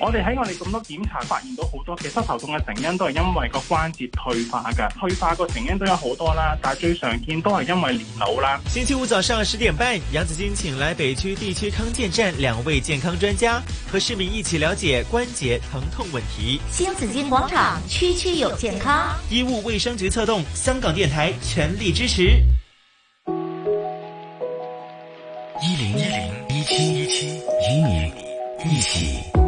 我哋喺我哋咁多檢查發現到好多，其實頭痛嘅成因都係因為個關節退化嘅，退化個成因都有好多啦，但係最常見都係因為年老啦。星期五早上十點半，楊子晶請來北區地區康健站兩位健康專家，和市民一起了解關節疼痛問題。星子金廣場區區有健康，醫務衛生局策動，香港電台全力支持。一零一零一七一七，與你一起。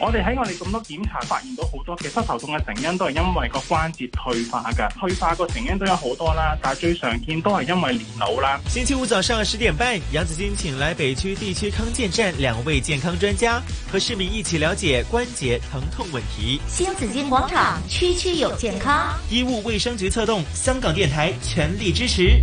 我哋喺我哋咁多檢查發現到好多，其實膝頭痛嘅成因都係因為個關節退化嘅，退化個成因都有好多啦，但係最常見都係因為年老啦。星期五早上十點半，楊子金請來北區地區康健站兩位健康專家，和市民一起了解關節疼痛問題。新紫金廣場區區有健康，醫務衛生局策動，香港電台全力支持。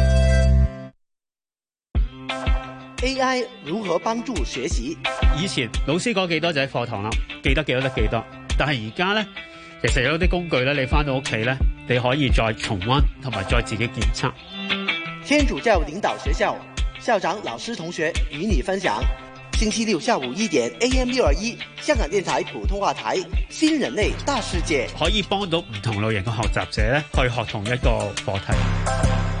AI 如何幫助學習？以前老師講幾多就喺課堂啦，記得記得得幾多。但係而家呢，其實有啲工具咧，你翻到屋企咧，你可以再重溫同埋再自己檢測。天主教領導學校校長老師同學與你分享，星期六下午一點 AM 六二一香港電台普通話台，新人類大世界可以幫到唔同類型嘅學習者咧，去學同一個課題。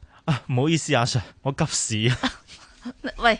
啊，唔好意思啊，Sir，我急屎啊， 喂。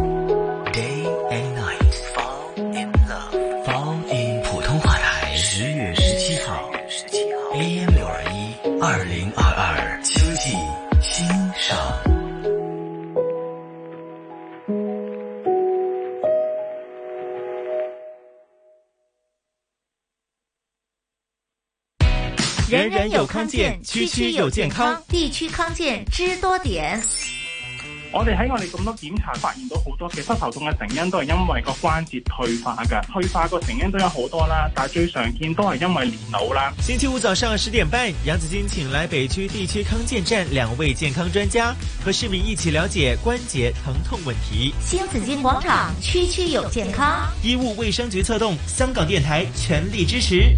人人有康健，區區有健康，區區健康地區康健知多點。我哋喺我哋咁多檢查，發現到好多，膝頭痛嘅成因都係因為個關節退化噶，退化個成因都有好多啦，但係最常見都係因為年老啦。星期五早上十點半，楊子晶請來北區地區康健站兩位健康專家，和市民一起了解關節疼痛問題。新紫金廣場區區有健康，醫務衛生局策動，香港電台全力支持。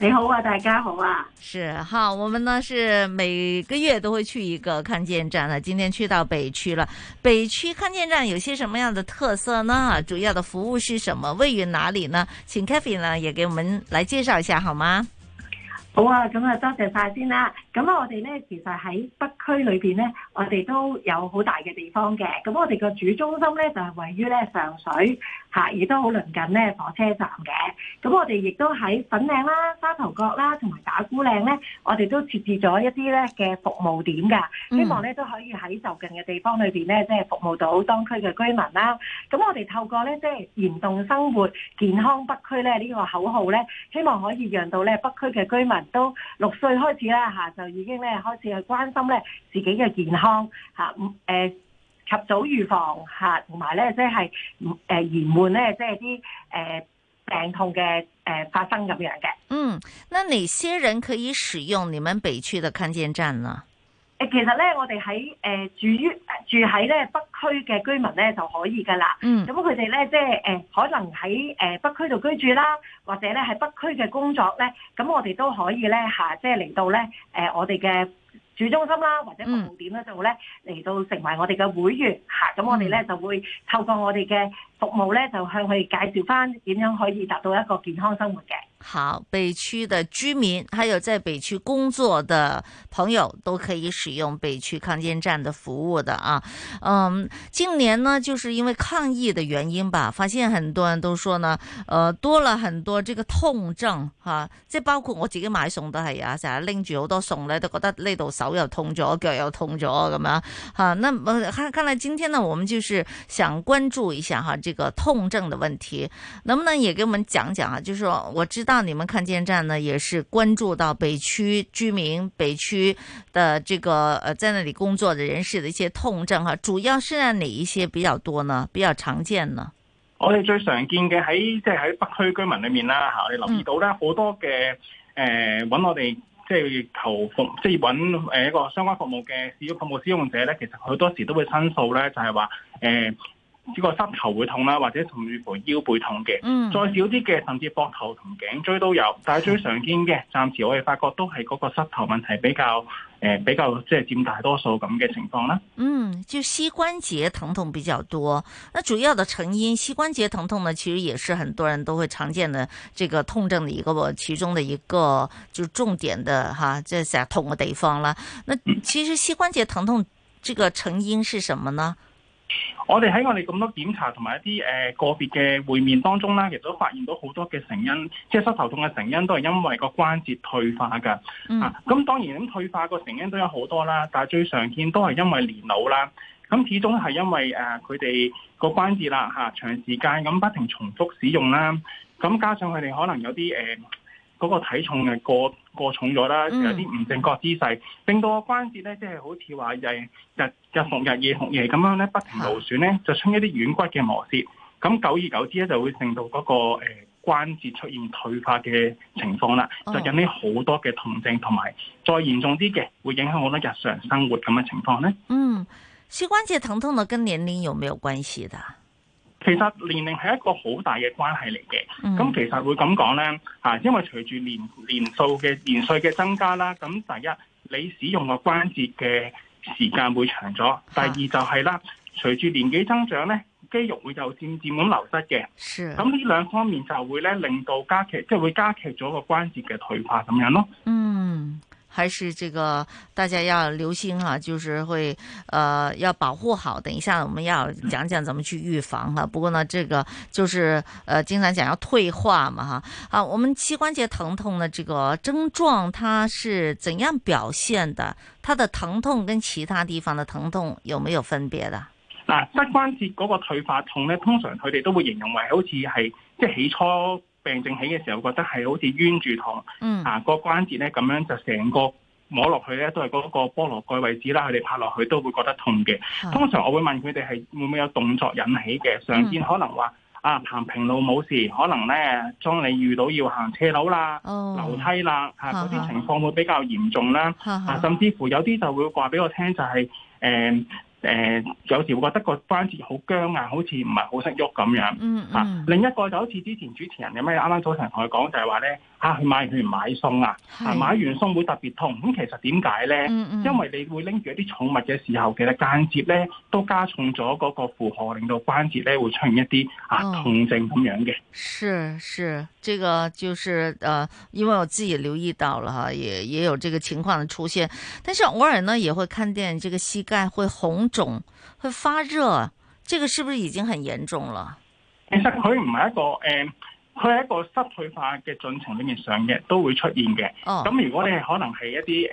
你好啊，大家好啊，是哈，我們呢是每個月都會去一個康健站啦，今天去到北區了，北區康健站有些什麼樣的特色呢？主要的服務是什麼？位於哪裏呢？請 Kathy 呢也給我們來介紹一下好嗎？好啊，咁啊，多謝晒先啦，咁我哋呢其實喺北區裏邊呢，我哋都有好大嘅地方嘅，咁我哋個主中心呢就係、是、位於咧上水。亦都好鄰近咧火車站嘅，咁我哋亦都喺粉嶺啦、沙頭角啦、同埋打鼓嶺咧，我哋都設置咗一啲咧嘅服務點㗎，希望咧都可以喺就近嘅地方裏邊咧，即係服務到當區嘅居民啦。咁我哋透過咧即係延動生活健康北區咧呢個口號咧，希望可以讓到咧北區嘅居民都六歲開始啦嚇，就已經咧開始去關心咧自己嘅健康嚇，誒。及早預防嚇，同埋咧即係誒延緩咧，即係啲誒病痛嘅誒、呃、發生咁樣嘅。嗯，那哪些人可以使用你們北區嘅康健站呢？誒、呃，其實咧，我哋喺誒住於住喺咧北區嘅居民咧就可以㗎喇。嗯，咁佢哋咧即係誒可能喺誒、呃、北區度居住啦，或者咧喺北區嘅工作咧，咁我哋都可以咧嚇，即係嚟到咧誒、呃、我哋嘅。主中心啦，或者服務點咧，就會咧嚟到成為我哋嘅會員。吓、嗯、咁我哋咧就會透過我哋嘅，服務咧就向佢介紹翻點樣可以達到一個健康生活嘅。好，北區的居民，還有在北區工作的朋友都可以使用北區康健站的服務的啊。嗯，近年呢，就是因為抗疫的原因吧，發現很多人都說呢，呃多了很多這個痛症吓，即、啊、包括我自己買餸都係啊，成日拎住好多餸咧，都覺得呢度手又痛咗，腳又痛咗咁樣、啊。那麼看看來今天呢，我們就是想關注一下哈。這個痛症的問題，能不能也給我們講講啊？就是說，我知道你們康健站呢，也是關注到北區居民、北區的這個呃，在那裏工作的人士的一些痛症啊，主要是在哪一些比較多呢？比較常見呢？我哋最常見嘅喺即係喺北區居民裏面啦吓，你留意到咧好多嘅誒揾我哋即係求服即係揾誒一個相關服務嘅醫療服務使用者咧，其實好多時都會申訴咧，就係話誒。呢個膝頭會痛啦，或者同住陪腰背痛嘅，再少啲嘅甚至膊頭同頸椎都有，但係最常見嘅，暫時我哋發覺都係嗰個膝頭問題比較、呃、比較即係佔大多數咁嘅情況啦。嗯，就膝關節疼痛比較多，那主要的成因，膝關節疼痛呢，其實也是很多人都會常見的這個痛症的一個其中的一個就重點的哈，即、啊、係痛嘅地方啦。那其實膝關節疼痛這個成因是什麼呢？我哋喺我哋咁多檢查同埋一啲誒、呃、個別嘅會面當中啦，亦都發現到好多嘅成因，即係膝頭痛嘅成因都係因為個關節退化㗎、嗯。啊，咁當然咁退化個成因都有好多啦，但係最常見都係因為年老啦。咁始終係因為誒佢哋個關節啦嚇，長時間咁不停重複使用啦，咁、啊、加上佢哋可能有啲誒。呃嗰、那個體重誒過過重咗啦，有啲唔正確姿勢，嗯、令到個關節咧即係好似話日日日紅日夜紅夜咁樣咧不停勞損咧，就將一啲軟骨嘅磨蝕，咁、啊、久而久之咧就會令到嗰、那個誒、呃、關節出現退化嘅情況啦，就引起好多嘅痛症，同埋再嚴重啲嘅會影響我哋日常生活咁嘅情況咧。嗯，膝關節疼痛嘅跟年齡有冇有關係㗎？其實年齡係一個好大嘅關係嚟嘅，咁、嗯、其實會咁講咧，因為隨住年年數嘅年歲嘅增加啦，咁第一你使用個關節嘅時間會長咗，第二就係、是、啦，隨住年紀增長咧，肌肉就會就漸漸咁流失嘅，咁呢兩方面就會咧令到加劇，即係會加劇咗個關節嘅退化咁樣咯。嗯。還是這個大家要留心哈、啊，就是會呃要保護好。等一下我們要講講怎麼去預防哈、啊。不過呢，這個就是呃經常講要退化嘛哈。啊、啊，我們膝關節疼痛的這個症狀它是怎樣表現的？它的疼痛跟其他地方的疼痛有沒有分別的、啊？嗱，膝關節嗰個退化痛呢，通常佢哋都會形容為好似係即係起初。病症起嘅時候，覺得係好似攣住痛、嗯，啊個關節咧咁樣就成個摸落去咧都係嗰個菠蘿蓋位置啦。佢哋拍落去都會覺得痛嘅。通常我會問佢哋係會唔會有動作引起嘅，常見可能話、嗯、啊行平路冇事，可能咧當你遇到要行斜路啦、樓、哦、梯啦啊嗰啲情況會比較嚴重啦、啊。甚至乎有啲就會話俾我聽就係、是、誒。呃誒、呃、有時會覺得個關節好僵硬，好似唔係好識喐咁樣。嗯嗯、啊。另一個就好似之前主持人咁樣，啱啱早晨同佢講就係話咧。啊！去買完買餸啊！買買完餸會特別痛。咁其實點解咧？因為你會拎住一啲寵物嘅時候，其實間接咧都加重咗嗰個負荷，令到關節咧會出現一啲啊、哦、痛症咁樣嘅。是是，這個就是呃，因為我自己留意到了哈，也也有這個情況的出現。但是偶爾呢，也會看見這個膝蓋會紅腫、會發熱，這個是不是已經很嚴重了？其實佢唔係一個、呃佢係一個濕退化嘅進程裏面上嘅都會出現嘅。咁如果你係可能係一啲誒、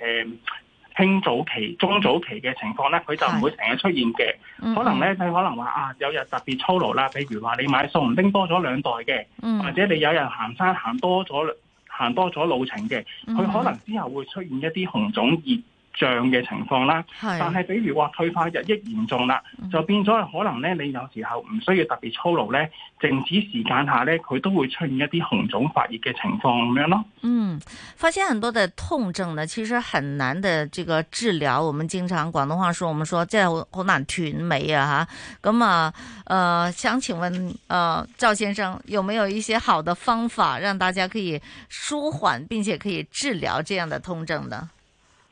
呃、輕早期、中早期嘅情況咧，佢就唔會成日出現嘅。可能咧，你可能話啊，有日特別操勞啦，譬如話你買蘇丁多咗兩袋嘅，或者你有日行山行多咗行多咗路程嘅，佢可能之後會出現一啲紅腫熱。脹嘅情況啦，但係比如話退化日益嚴重啦，就變咗可能咧，你有時候唔需要特別操勞咧，靜止時間下咧，佢都會出現一啲紅腫發熱嘅情況咁樣咯。嗯，發現很多的痛症呢，其實很難的，這個治療。我們經常廣東話說，我們說真係好難斷尾啊吓。咁啊，呃，想請問，呃，趙先生有沒有一些好的方法，讓大家可以舒緩，並且可以治療這樣的痛症呢？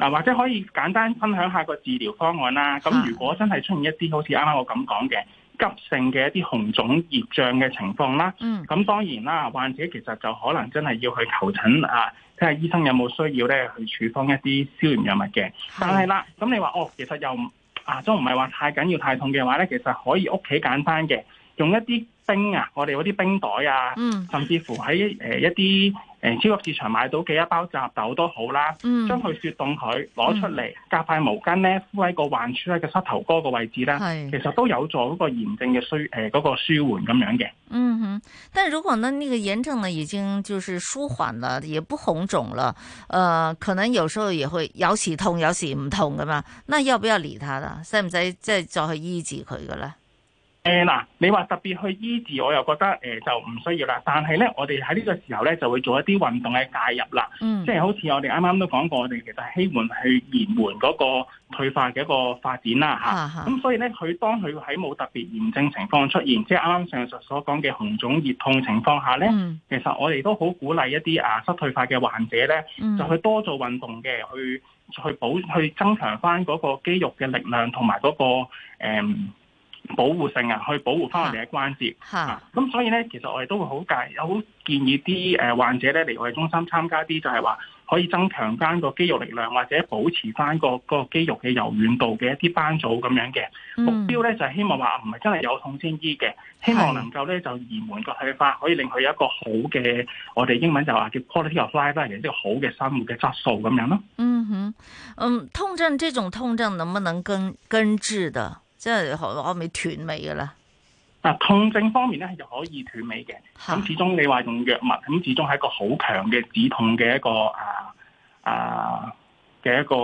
啊，或者可以簡單分享下個治療方案啦。咁如果真係出現一啲好似啱啱我咁講嘅急性嘅一啲紅腫熱脹嘅情況啦，咁當然啦，患者其實就可能真係要去求診啊，睇下醫生有冇需要咧去處方一啲消炎藥物嘅。但係啦，咁你話哦，其實又啊，都唔係話太緊要、太痛嘅話咧，其實可以屋企簡單嘅用一啲冰啊！我哋嗰啲冰袋啊，嗯、甚至乎喺、呃、一啲、呃、超級市場買到嘅一包雜豆都好啦，嗯、將佢雪凍佢攞出嚟，夾、嗯、塊毛巾咧敷喺個患處，喺個膝頭哥個位置咧，其實都有助嗰個炎症嘅舒誒、呃嗰個、舒緩咁樣嘅。嗯哼，但如果呢，那個炎症呢已經就是舒緩了，也不紅腫了，呃，可能有時候也會有時痛，有時唔痛咁嘛。那要不要理他啦？使唔使即係再去醫治佢嘅咧？誒、呃、嗱，你話特別去醫治，我又覺得誒、呃、就唔需要啦。但係咧，我哋喺呢個時候咧就會做一啲運動嘅介入啦、嗯。即係好似我哋啱啱都講過，我哋其實係希望去延緩嗰個退化嘅一個發展啦、吓、啊。咁、啊、所以咧，佢當佢喺冇特別炎症情況出現，即係啱啱上述所講嘅紅腫熱痛情況下咧、嗯，其實我哋都好鼓勵一啲啊膝退化嘅患者咧、嗯，就去多做運動嘅，去去保去增強翻嗰個肌肉嘅力量同埋嗰個誒。嗯保護性啊，去保護翻我哋嘅關節。吓、啊、咁、啊、所以咧，其實我哋都會好介，好建議啲誒、呃、患者咧嚟我哋中心參加啲就係話可以增強翻個肌肉力量或者保持翻、那個、那個肌肉嘅柔軟度嘅一啲班組咁樣嘅目標咧就係、是、希望話唔係真係有痛先醫嘅，希望能夠咧就延緩個退化，可以令佢有一個好嘅我哋英文就話叫 quality of life 啦，即係好嘅生活嘅質素咁樣咯。嗯哼，嗯，痛症這種痛症能不能根根治的？即係可可未斷尾嘅咧？啊，痛症方面咧係就可以斷尾嘅。咁始終你話用藥物，咁始終係一個好強嘅止痛嘅一個啊啊嘅一個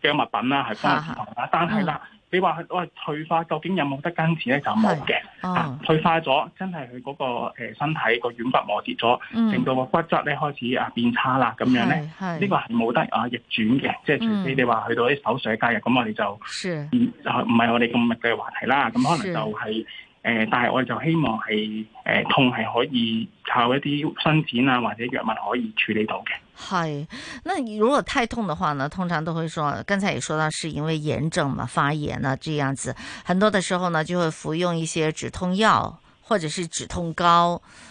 嘅物品啦，係方。但係啦。 你話係哇退化，究竟有冇得根治咧？就冇嘅、哦。啊，退化咗，真係佢嗰個身體個軟、嗯嗯、骨磨折咗，令到個骨質咧開始啊變差啦。咁樣咧，呢、這個係冇得啊逆轉嘅。即、嗯、係除非你話去到啲手術介入，咁我哋就唔唔係我哋咁密嘅話題啦。咁可能就係、是。是誒、呃，但係我就希望係誒、呃、痛係可以靠一啲伸展啊，或者藥物可以處理到嘅。係，那如果太痛嘅話呢，通常都會說，剛才也說到是因為炎症嘛，發炎啊這樣子，很多的時候呢就會服用一些止痛藥，或者是止痛膏。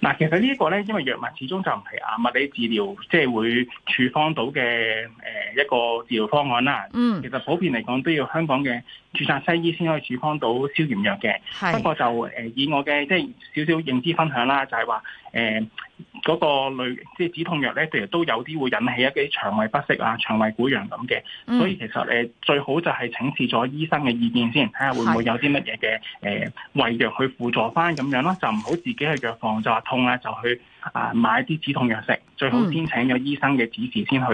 嗱，其實呢一個咧，因為藥物始終就唔係啊物理治療，即係會處方到嘅誒一個治療方案啦。嗯，其實普遍嚟講都要香港嘅註冊西醫先可以處方到消炎藥嘅。係。不過就誒，以我嘅即係少少認知分享啦，就係話誒。呃嗰、那個類即係止痛藥咧，其實都有啲會引起一啲腸胃不適啊、腸胃潰瘍咁嘅，所以其實誒最好就係請示咗醫生嘅意見先，睇下會唔會有啲乜嘢嘅誒胃藥去輔助翻咁樣咯，就唔好自己去藥房就話痛啊就去。啊，買啲止痛藥食，最好先請有醫生嘅指示先去誒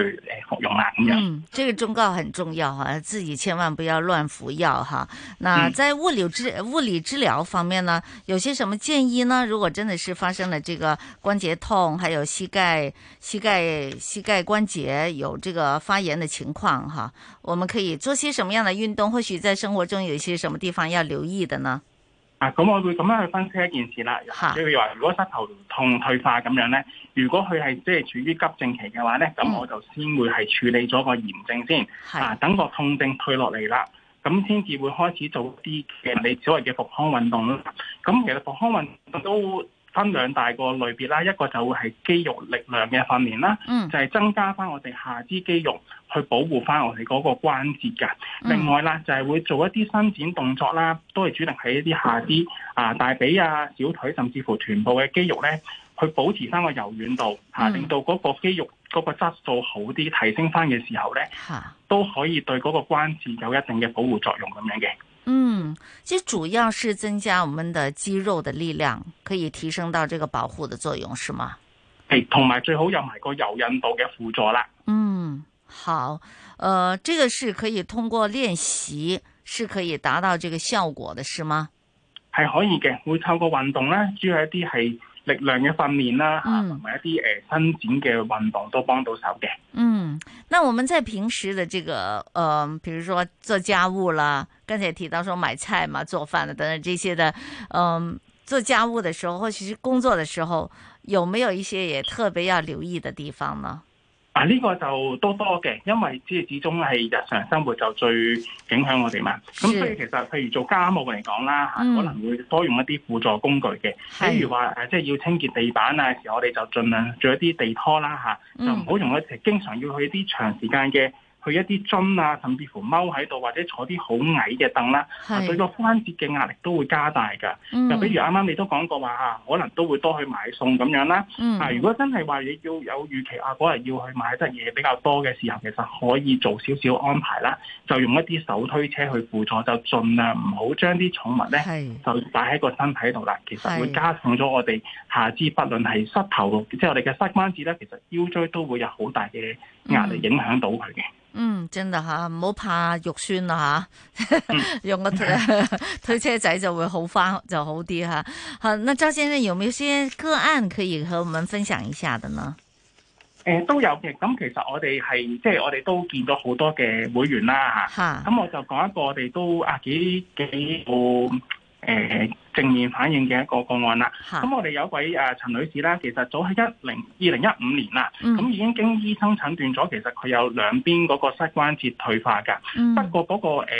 服用啊。咁、嗯嗯、樣，嗯，這個忠告很重要哈，自己千萬不要亂服藥哈。那在物理治物理治療方面呢，有些什麼建議呢？如果真的是發生了這個關節痛，還有膝蓋、膝蓋、膝蓋關節有這個發炎的情況哈，我們可以做些什麼樣的運動？或許在生活中有些什麼地方要留意的呢？啊，咁我會咁樣去分析一件事啦。譬如話，如果膝頭痛退化咁樣咧，如果佢係即係處於急症期嘅話咧，咁我就先會係處理咗個炎症先，啊，等個痛症退落嚟啦，咁先至會開始做啲嘅你所謂嘅復康運動咯。咁其實復康運動都分兩大個類別啦，一個就會係肌肉力量嘅訓練啦，就係、是、增加翻我哋下肢肌肉去保護翻我哋嗰個關節嘅。另外啦，就係會做一啲伸展動作啦，都係主定喺一啲下肢啊、大髀啊、小腿，甚至乎臀部嘅肌肉咧，去保持翻個柔軟度嚇，令到嗰個肌肉嗰個質素好啲，提升翻嘅時候咧，都可以對嗰個關節有一定嘅保護作用咁樣嘅。嗯，其實主要是增加我們的肌肉的力量，可以提升到這個保護的作用，是嗎？誒，同埋最好有埋個柔韌度嘅輔助啦。嗯，好，呃，這個是可以通過練習，是可以達到這個效果的，是嗎？係可以嘅，會透過運動呢，主要係一啲系。力量嘅訓練啦，吓同埋一啲誒伸展嘅運動都幫到手嘅。嗯，那我們在平時的這個，嗯、呃，比如說做家務啦，剛才提到說買菜嘛、做飯啦等等這些的，嗯、呃，做家務的時候，或者是工作的時候，有沒有一些也特別要留意的地方呢？啊！呢、這個就都多多嘅，因為即係始終係日常生活就最影響我哋嘛。咁所以其實譬如做家務嚟講啦，嚇、嗯、可能會多用一啲輔助工具嘅，譬如話誒，即係、啊就是、要清潔地板啊時候，我哋就儘量做一啲地拖啦，嚇、啊、就唔好用一隻，經常要去啲長時間嘅。去一啲樽啊，甚至乎踎喺度或者坐啲好矮嘅凳啦，對個關節嘅壓力都會加大㗎、嗯。就比如啱啱你都講過話嚇、啊，可能都會多去買餸咁樣啦、嗯。啊，如果真係話你要有預期啊，嗰日要去買得嘢比較多嘅時候，其實可以做少少安排啦。就用一啲手推車去輔助，就盡量唔好將啲寵物咧就擺喺個身體度啦。其實會加重咗我哋下肢，不論係膝頭，即係我哋嘅膝關節咧，其實腰椎都會有好大嘅。壓、嗯、力影響到佢嘅。嗯，真嘅吓，唔好怕肉酸啦吓，嗯、 用個推， 推車仔就會好返，就好啲吓。好，那周先生有沒有些個案可以和我們分享一下的呢？誒、呃，都有嘅。咁其實我哋係即係我哋都見到好多嘅會員啦吓。咁我就講一個我哋都啊幾幾部。誒、呃、正面反應嘅一個個案啦，咁我哋有位誒陳女士啦，其實早喺一零二零一五年啦，咁已經經醫生診斷咗，其實佢有兩邊嗰個膝關節退化嘅，嗯，不過嗰、嗰個、呃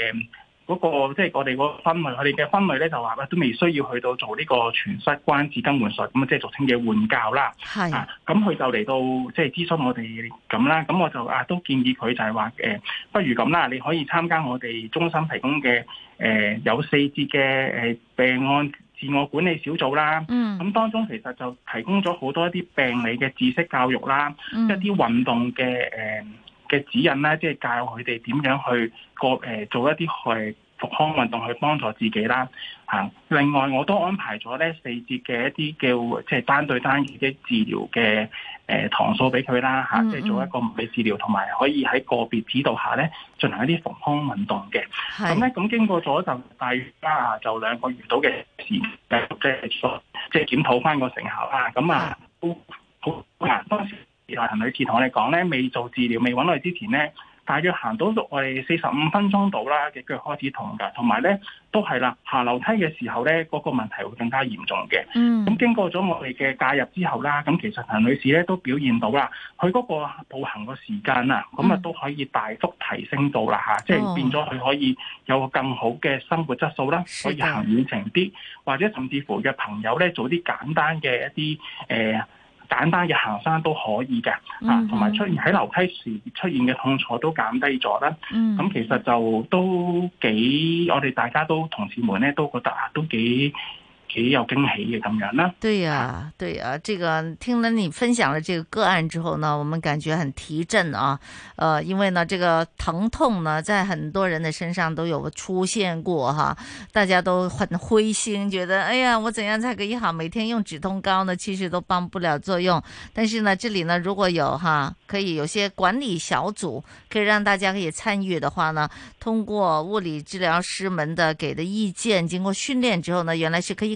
嗰、那個即係、就是、我哋個分類，我哋嘅分類咧就話咧都未需要去到做呢個全膝關節更換術，咁即係俗稱嘅換教啦。啊，咁佢就嚟到即係、就是、諮詢我哋咁啦，咁我就啊都建議佢就係話誒，不如咁啦，你可以參加我哋中心提供嘅誒、呃、有四節嘅誒病案自我管理小組啦。嗯。咁當中其實就提供咗好多一啲病理嘅知識教育啦，嗯、一啲運動嘅誒。呃嘅指引咧，即、就、係、是、教佢哋點樣去個誒做一啲去復康運動去幫助自己啦。嚇，另外我都安排咗咧四節嘅一啲叫即係、就是、單對單自己治療嘅誒堂數俾佢啦。嚇，即係做一個唔嘅治療，同埋可以喺個別指導下咧進行一啲復康運動嘅。咁咧，咁經過咗就大約啊，就兩個月到嘅時間，繼即係做即係檢討翻個成效啦。咁啊，好難當時。原來陳女士同我哋講咧，未做治療、未揾我哋之前咧，大約行到我哋四十五分鐘度啦，隻腳開始痛噶，同埋咧都係啦，行樓梯嘅時候咧，嗰、嗰個問題會更加嚴重嘅。嗯，咁經過咗我哋嘅介入之後啦，咁其實陳、呃呃、女士咧都表現到啦，佢嗰個步行個時間啊，咁啊都可以大幅提升到啦吓、嗯，即係變咗佢可以有更好嘅生活質素啦，可以行遠程啲，或者甚至乎約朋友咧做啲簡單嘅一啲誒。呃簡單嘅行山都可以嘅，啊，同埋出現喺樓梯時出現嘅痛楚都減低咗啦。咁、mm -hmm. 其實就都幾，我哋大家都同事們咧都覺得啊，都幾。幾有驚喜的感覺呢？對呀、啊，對呀、啊，這個聽了你分享了這個個案之後呢，我們感覺很提振啊。呃，因為呢，這個疼痛呢，在很多人的身上都有出現過哈，大家都很灰心，覺得，哎呀，我怎樣才可以好？每天用止痛膏呢，其實都幫不了作用。但是呢，這裏呢，如果有哈，可以有些管理小組可以讓大家可以參與的話呢，通過物理治療師們的給的意見，經過訓練之後呢，原來是可以。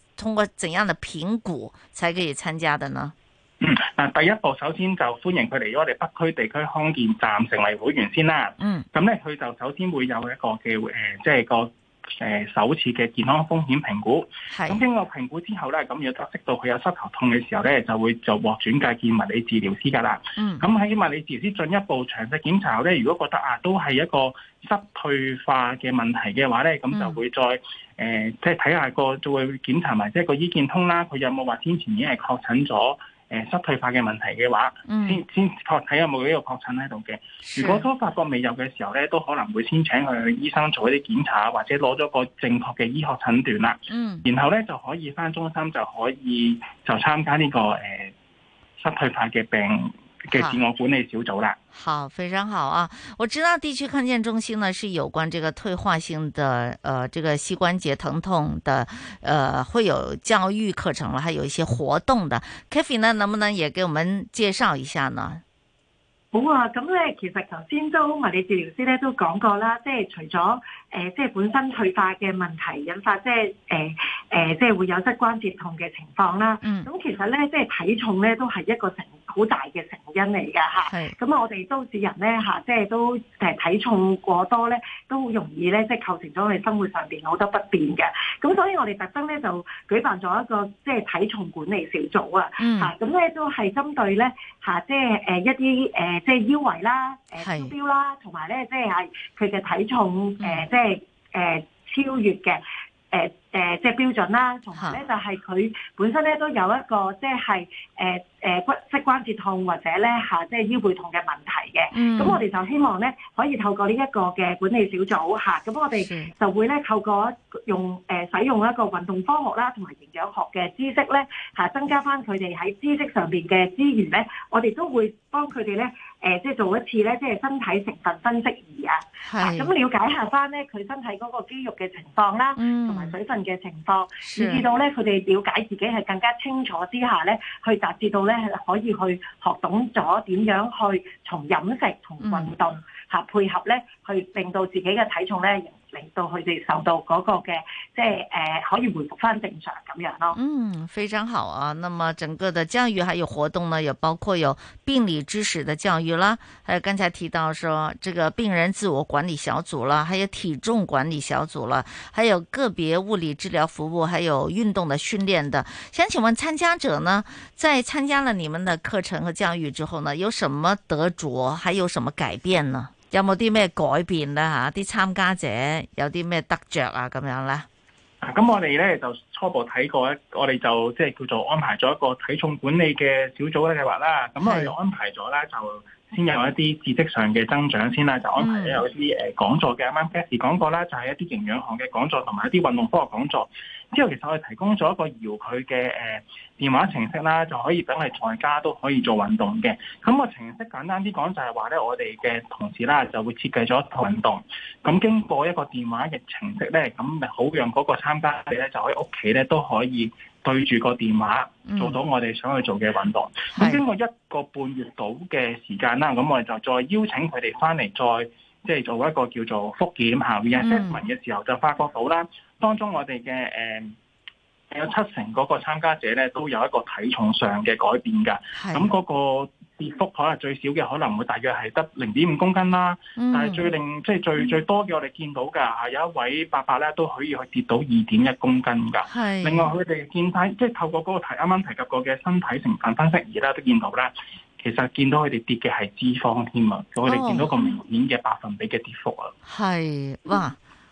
通過怎樣嘅評估才可以參加嘅呢、嗯？第一步首先就歡迎佢嚟咗我哋北區地區康健站成為會員先啦。嗯，咁咧佢就首先會有一個嘅誒、即、呃、係、就是、個誒、呃、首次嘅健康風險評估。係，咁經過評估之後咧，咁要得悉到佢有膝頭痛嘅時候咧，就會就獲轉介見物理治療師噶啦。嗯，咁喺物理治療師進一步詳細檢查咧，如果覺得啊都係一個膝退化嘅問題嘅話咧，咁就會再、嗯。誒、呃，即係睇下個做會檢查埋即係個醫健通啦。佢有冇話先前已經係確診咗誒、呃、失退化嘅問題嘅話，嗯、先先確睇有冇呢個確診喺度嘅。如果都發覺未有嘅時候咧，都可能會先請佢去醫生做一啲檢查或者攞咗個正確嘅醫學診斷啦。嗯，然後咧就可以返中心就可以就參加呢、這個誒、呃、失退化嘅病嘅自我管理小組啦，好，非常好啊！我知道地區康健中心呢，是有關這個退化性的，呃，這個膝關節疼痛的，呃，會有教育課程啦，還有一些活動的。Kathy 呢，能不能也給我們介紹一下呢？好啊，咁咧，其實頭先都物理治療師咧都講過啦，即係除咗。誒、呃，即係本身退化嘅問題引發，即係誒誒，即係會有膝關節痛嘅情況啦。嗯。咁其實咧，即係體重咧，都係一個成好大嘅成因嚟嘅嚇。係。咁啊，我哋都市人咧嚇、啊，即係都誒體重過多咧，都好容易咧，即係構成咗我哋生活上邊好多不便嘅。咁、啊、所以我哋特登咧就舉辦咗一個即係體重管理小組啊。Mm. 啊嗯。咁咧都係針對咧嚇、啊，即係誒一啲誒、呃、即係腰圍啦、誒腰標啦，同埋咧即係係佢嘅體重誒即係。呃 mm. 即係誒超越嘅誒誒即係標準啦，同埋咧就係佢本身咧都有一個即係誒誒骨膝關節痛或者咧吓即係腰背痛嘅問題嘅，咁、嗯、我哋就希望咧可以透過呢一個嘅管理小組吓，咁我哋就會咧透過用誒使用一個運動科學啦同埋營養學嘅知識咧吓增加翻佢哋喺知識上邊嘅資源咧，我哋都會幫佢哋咧。誒、呃，即係做一次咧，即係身體成分分析儀啊，咁了解下翻咧佢身體嗰個肌肉嘅情況啦，同、嗯、埋水分嘅情況，以至到咧佢哋了解自己係更加清楚之下咧，去達至到咧可以去學懂咗點樣去從飲食同運動嚇、嗯、配合咧，去令到自己嘅體重咧。令到佢哋受到嗰個嘅，即係誒可以回復翻正常咁樣咯。嗯，非常好啊。那麼整個的教育還有活動呢，也包括有病理知識的教育啦，還有剛才提到說這個病人自我管理小組啦，還有體重管理小組啦，還有個別物理治療服務，還有運動的訓練的。想請問參加者呢，在參加了你們的課程和教育之後呢，有什麼得着，還有什麼改變呢？有冇啲咩改變咧吓？啲參加者有啲咩得着啊？咁樣咧？咁我哋咧就初步睇過一，我哋就即係叫做安排咗一個體重管理嘅小組嘅計劃啦。咁我哋安排咗咧，就先有一啲知識上嘅增長先啦。就安排咗有一啲誒講座嘅，啱啱 Cathy 講過啦，就係、是、一啲營養學嘅講座同埋一啲運動科學講座。之後其實我哋提供咗一個遙距嘅誒電話程式啦，就可以等佢在家都可以做運動嘅。咁、那個程式簡單啲講就係話咧，我哋嘅同事啦就會設計咗一套運動。咁經過一個電話嘅程式咧，咁好讓嗰個參加者咧，就喺屋企咧都可以對住個電話、嗯、做到我哋想去做嘅運動。咁經過一個半月到嘅時間啦，咁我哋就再邀請佢哋翻嚟再即係做一個叫做復檢下 assessment 嘅時候就發覺到啦。當中我哋嘅誒有七成嗰個參加者咧，都有一個體重上嘅改變噶。咁嗰個跌幅可能最少嘅可能會大約係得零點五公斤啦。嗯、但係最令即係最、嗯、最多嘅我哋見到噶嚇有一位伯伯咧都可以去跌到二點一公斤噶。係另外佢哋見睇，即係透過嗰、嗰個提啱啱提及過嘅身體成分分析而，而家都見到咧，其實見到佢哋跌嘅係脂肪添啊。咁我哋見到一個明顯嘅百分比嘅跌幅啊。係、哦嗯、哇。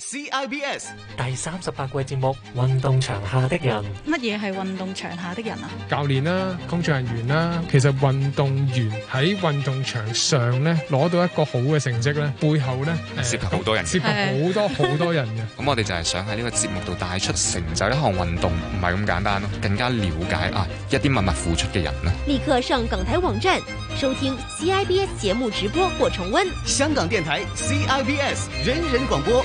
CIBS 第三十八季節目《運動場下的人》啊，乜嘢係運動場下的人啊？教練啦、啊，工作人員啦、啊，其實運動員喺運動場上咧，攞到一個好嘅成績咧，背後咧係涉及好多人，涉及好多好多人嘅。咁 我哋就係想喺呢個節目度帶出，成就一項運動唔係咁簡單咯、啊，更加了解啊一啲默默付出嘅人咯、啊。立刻上港台網站收聽 CIBS 節目直播或重溫。香港電台 CIBS 人人廣播。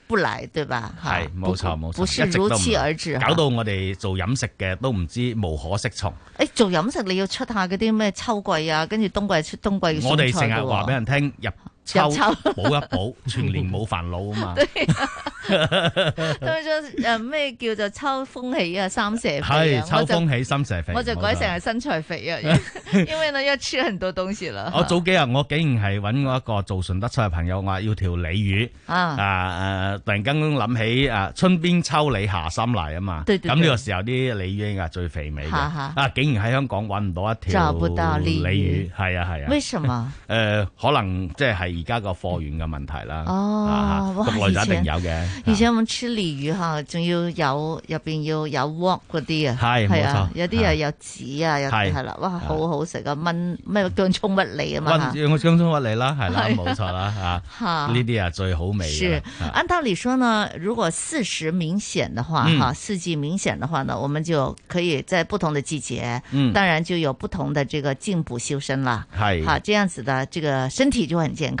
不來對吧？係冇錯冇錯，一直不是如期而至，搞到我哋做飲食嘅都唔知無可適從。誒、啊，做飲食你要出下嗰啲咩秋季啊，跟住冬季出冬季嘅蔬菜嘅喎。啊秋補一補，全年冇煩惱啊嘛。當初誒咩叫做秋風起啊，三蛇肥啊。係秋風起，三蛇肥。我就改成係身材肥啊， 因為呢一出咗咁多東西啦。我早幾日我竟然係揾我一個做順德菜嘅朋友，我話要條鯉魚啊誒、啊！突然間諗起春邊秋鯉夏三嚟啊嘛。對對。咁呢個時候啲鯉魚應該係最肥美嘅。啊，竟然喺香港揾唔到一條鯉魚，係啊係啊。為什麼？誒、啊，可能即係。而家個貨源嘅問題啦，哦，咁我就一定有嘅。以前我哋食鯉魚吓，仲要有入邊要有鑊嗰啲啊，係冇錯，有啲啊，有籽啊，有係啦，哇，好好食啊，炆咩薑葱物理啊嘛，炆薑葱物理啦，係啦，冇錯啦，吓，呢啲啊最好味。是，按道理說呢，如果四時明顯嘅話，吓四季明顯嘅話呢，我們就可以在不同的季節，嗯，當然就有不同嘅這個進補修身啦，係，好，這樣子的這個身體就很健康。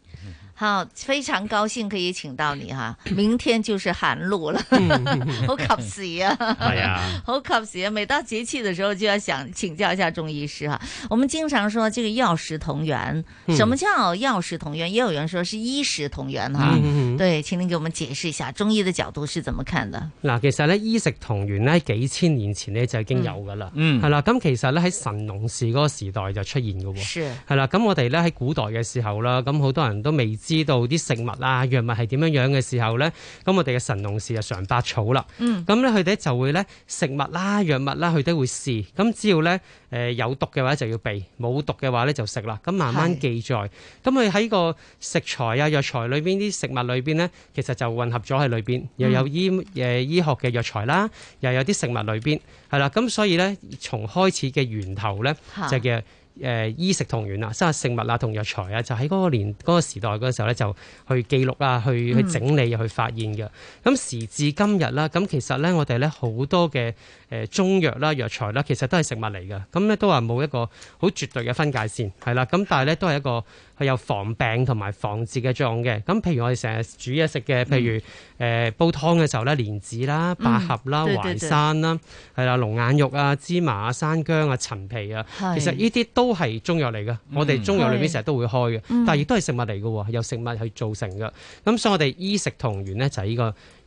好，非常高興可以請到你哈！明天就是寒露了 好及時啊，係啊，好及時啊！每到節氣的時候就要想請教一下中醫師哈。我們經常說這個藥食同源，什麼叫藥食同源、嗯？也有人說是醫食同源哈、嗯。對，請您給我們解釋一下中醫的角度是怎麼看的？嗱，其實咧，醫食同源咧，幾千年前咧就已經有噶啦。嗯，係、嗯、啦，咁其實咧喺神農氏嗰個時代就出現噶喎。是，係、嗯、啦，咁、嗯嗯、我哋咧喺古代嘅時候啦，咁好多人都未。知道啲食物啊、藥物係點樣樣嘅時候呢，咁我哋嘅神農氏就嘗百草啦。嗯，咁咧佢哋就會呢食物啦、藥物啦，佢哋會試。咁只要呢誒有毒嘅話就要避，冇毒嘅話呢就食啦。咁慢慢記載。咁佢喺個食材啊、藥材裏邊啲食物裏邊呢，其實就混合咗喺裏邊，又有醫誒醫學嘅藥材啦，又有啲食物裏邊係啦。咁所以呢，從開始嘅源頭呢，就嘅。誒衣食同源啦，即係食物啊同藥材啊，就喺嗰個年嗰個時代嗰時候咧，就去記錄啊，去去整理啊，去發現嘅。咁、嗯、時至今日啦，咁其實咧，我哋咧好多嘅。誒中藥啦、藥材啦，其實都係食物嚟嘅，咁咧都話冇一個好絕對嘅分界線，係啦。咁但係咧都係一個係有防病同埋防治嘅作用嘅。咁譬如我哋成日煮嘢食嘅，嗯、譬如誒煲湯嘅時候咧，蓮子啦、百合啦、嗯、淮山啦，係啦、龍眼肉啊、芝麻啊、山姜啊、陳皮啊，其實呢啲都係中藥嚟嘅。嗯、我哋中藥裏邊成日都會開嘅，但係亦都係食物嚟嘅，由食物去造成嘅。咁所以我哋衣食同源咧，就係呢、呢個。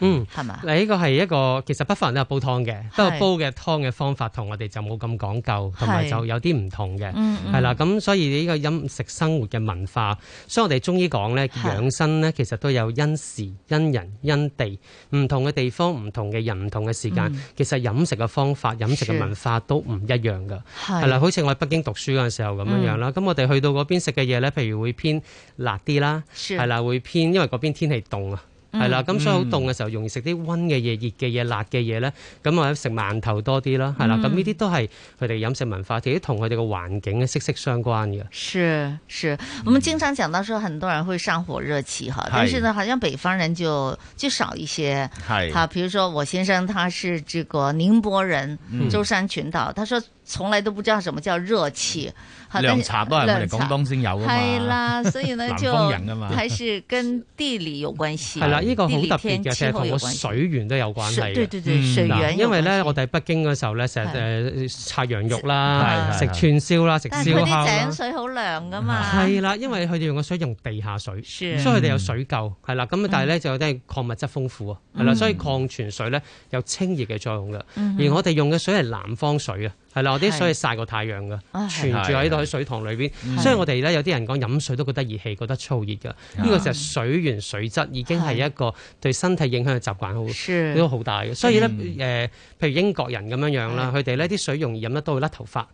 嗯，係嘛？嗱，呢個係一個其實北方人都有煲湯嘅，不過煲嘅湯嘅方法同我哋就冇咁講究，同埋就有啲唔同嘅，係啦。咁、嗯嗯、所以呢個飲食生活嘅文化，所以我哋中醫講咧，養生咧，其實都有因時、因人、因地唔同嘅地方，唔同嘅人，唔同嘅時間、嗯，其實飲食嘅方法、飲食嘅文化都唔一樣噶。係啦，好似我喺北京讀書嗰時候咁、嗯、樣樣啦。咁我哋去到嗰邊食嘅嘢咧，譬如會偏辣啲啦，係啦，會偏因為嗰邊天氣凍啊。係啦，咁所以好凍嘅時候，容易食啲溫嘅嘢、熱嘅嘢、辣嘅嘢咧。咁我喺食饅頭多啲啦，係啦。咁呢啲都係佢哋飲食文化，其實同佢哋嘅環境息息相關嘅。是是，我們經常講到說，很多人會上火、熱氣哈、嗯，但是呢，好像北方人就就少一些。係，好，譬如說我先生他是這個寧波人，舟、嗯、山群島，他說。從來都不知道什麼叫熱氣，涼茶都係我哋廣東先有啊嘛的，所以呢就還是跟地理有關係。係 啦，呢、這個好特別嘅，而且同個水源都有關係。對對對，水源、嗯、因為咧我哋喺北京嗰時候咧成日誒拆羊肉啦，食串燒啦，食燒烤。但係嗰啲井水好涼噶嘛。係啦，因為佢哋用嘅水用地下水，所以佢哋有水垢。係啦，咁但係咧就有啲係礦物質豐富啊。係啦，所以礦、嗯、泉水咧有清熱嘅作用嘅，而我哋用嘅水係南方水啊。係啦，我啲水係曬過太陽嘅，存住喺度喺水塘裏邊。所以我哋咧有啲人講飲水都覺得熱氣，覺得燥熱嘅。呢個就係水源水質已經係一個對身體影響嘅習慣很，好都好大嘅。所以咧，誒、呃，譬如英國人咁樣樣啦，佢哋咧啲水容易飲得都會甩頭髮，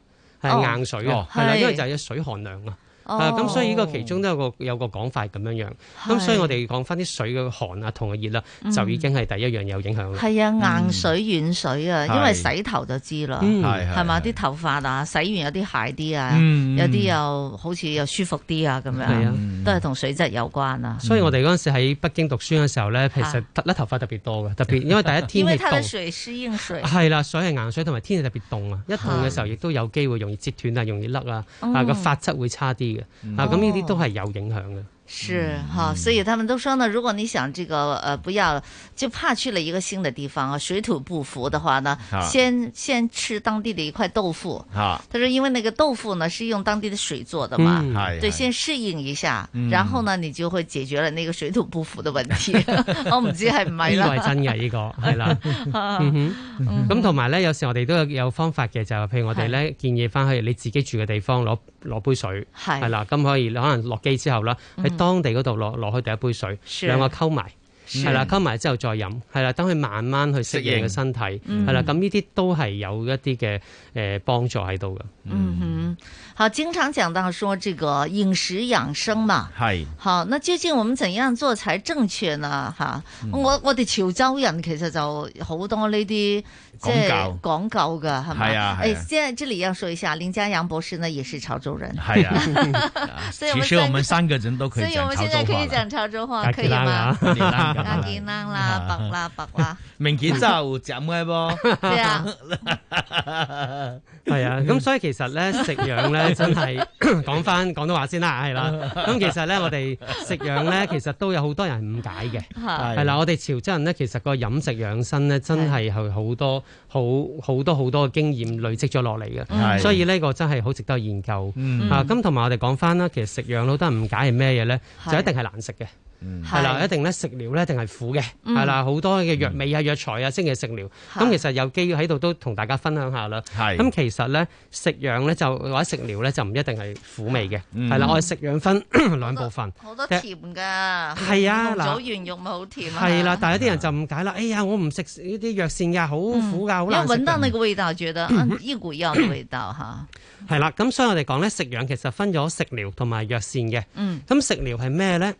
係硬水啊，係、哦、啦、哦，因為就係水寒涼啊。咁、哦啊嗯、所以呢個其中都有個有個講法咁樣樣。咁、嗯、所以我哋講翻啲水嘅寒啊同嘅熱啦、嗯，就已經係第一樣有影響。係啊，硬水軟水啊，嗯、因為洗頭就知啦，係嘛？啲頭髮啊，洗完有啲蟹啲啊，嗯、有啲又好似又舒服啲啊咁樣，係啊、都係同水質有關啊。嗯、所以我哋嗰陣時喺北京讀書嘅時候咧、啊，其實甩頭髮特別多嘅，特別因為第一天 因為水應水係、啊係啊、水係硬水、施硬水係啦，水係硬水，同埋天氣特別凍啊，一凍嘅時候亦都有機會容易折斷啊，容易甩、嗯、啊，但個髮質會差啲嘅。啊、哦，咁呢啲都係有影響嘅。是哈、哦，所以他們都說呢，如果你想這個，誒、呃，不要就怕去了一個新的地方啊，水土不服的話呢，啊、先先吃當地的一塊豆腐。啊，他說因為那個豆腐呢是用當地的水做的嘛，對、嗯，先適應一下，嗯、然後呢你就會解決了那個水土不服的問題。我、嗯、唔知係唔係啦，呢個係 真嘅，呢、這個係啦。咁同埋呢，有時我哋都有有方法嘅，就係譬如我哋呢，建議翻去你自己住嘅地方攞。攞杯水，係啦，咁可以可能落機之後啦，喺當地嗰度落落去第一杯水，兩個溝埋，係啦，溝埋之後再飲，係啦，等佢慢慢去適應嘅身體，係啦，咁呢啲都係有一啲嘅誒幫助喺度嘅。嗯哼，好，經常講到說這個飲食養生嘛，係，好，那究竟我們怎樣做才正確呢？嚇、嗯，我我哋潮州人其實就好多呢啲。即係，講究噶係咪？誒、啊啊，現在這裏要說一下，林家揚博士呢，也是潮州人，係嘛、啊？其 實我，我們三個人都可以講潮州話，可潮州話咳咳，可以嗎？阿吉啦，白啦，白啦，明顯就咁嘅啵？對啊，係、嗯、啊，咁所以其實咧食養咧真係講翻廣東話先啦，係啦。咁、嗯、其實咧我哋食養咧其實都有好多人誤解嘅，係啦。我哋潮州人咧其實個飲食養生咧真係係好多。好好多好多嘅經驗累積咗落嚟嘅。嗯、所以呢個真係好值得研究，嗯嗯啊！咁同埋我哋講返啦，其實食養老，好多人唔解係咩嘢咧，就一定係難食嘅。係啦，一定咧食療咧，一定係苦嘅。係啦，好多嘅藥味啊、藥材啊、之類嘅食療。咁其實有機會喺度都同大家分享下啦。係咁，其實咧食養咧就或者食療咧就唔一定係苦味嘅。係啦，我哋食養分兩部分，好多甜噶，係啊，嗱，棗圓肉咪好甜。係啦，但係有啲人就誤解啦。哎呀，我唔食呢啲藥膳噶，好苦噶，好難食。一聞到呢個味道，覺得一股藥嘅味道吓。係啦，咁所以我哋講咧食養其實分咗食療同埋藥膳嘅。嗯。咁食療係咩咧？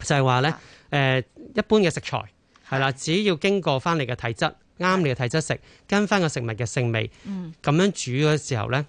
就係話呢，誒一般嘅食材係啦，只要經過翻你嘅體質，啱你嘅體質食，跟翻個食物嘅性味，咁樣煮嘅時候呢。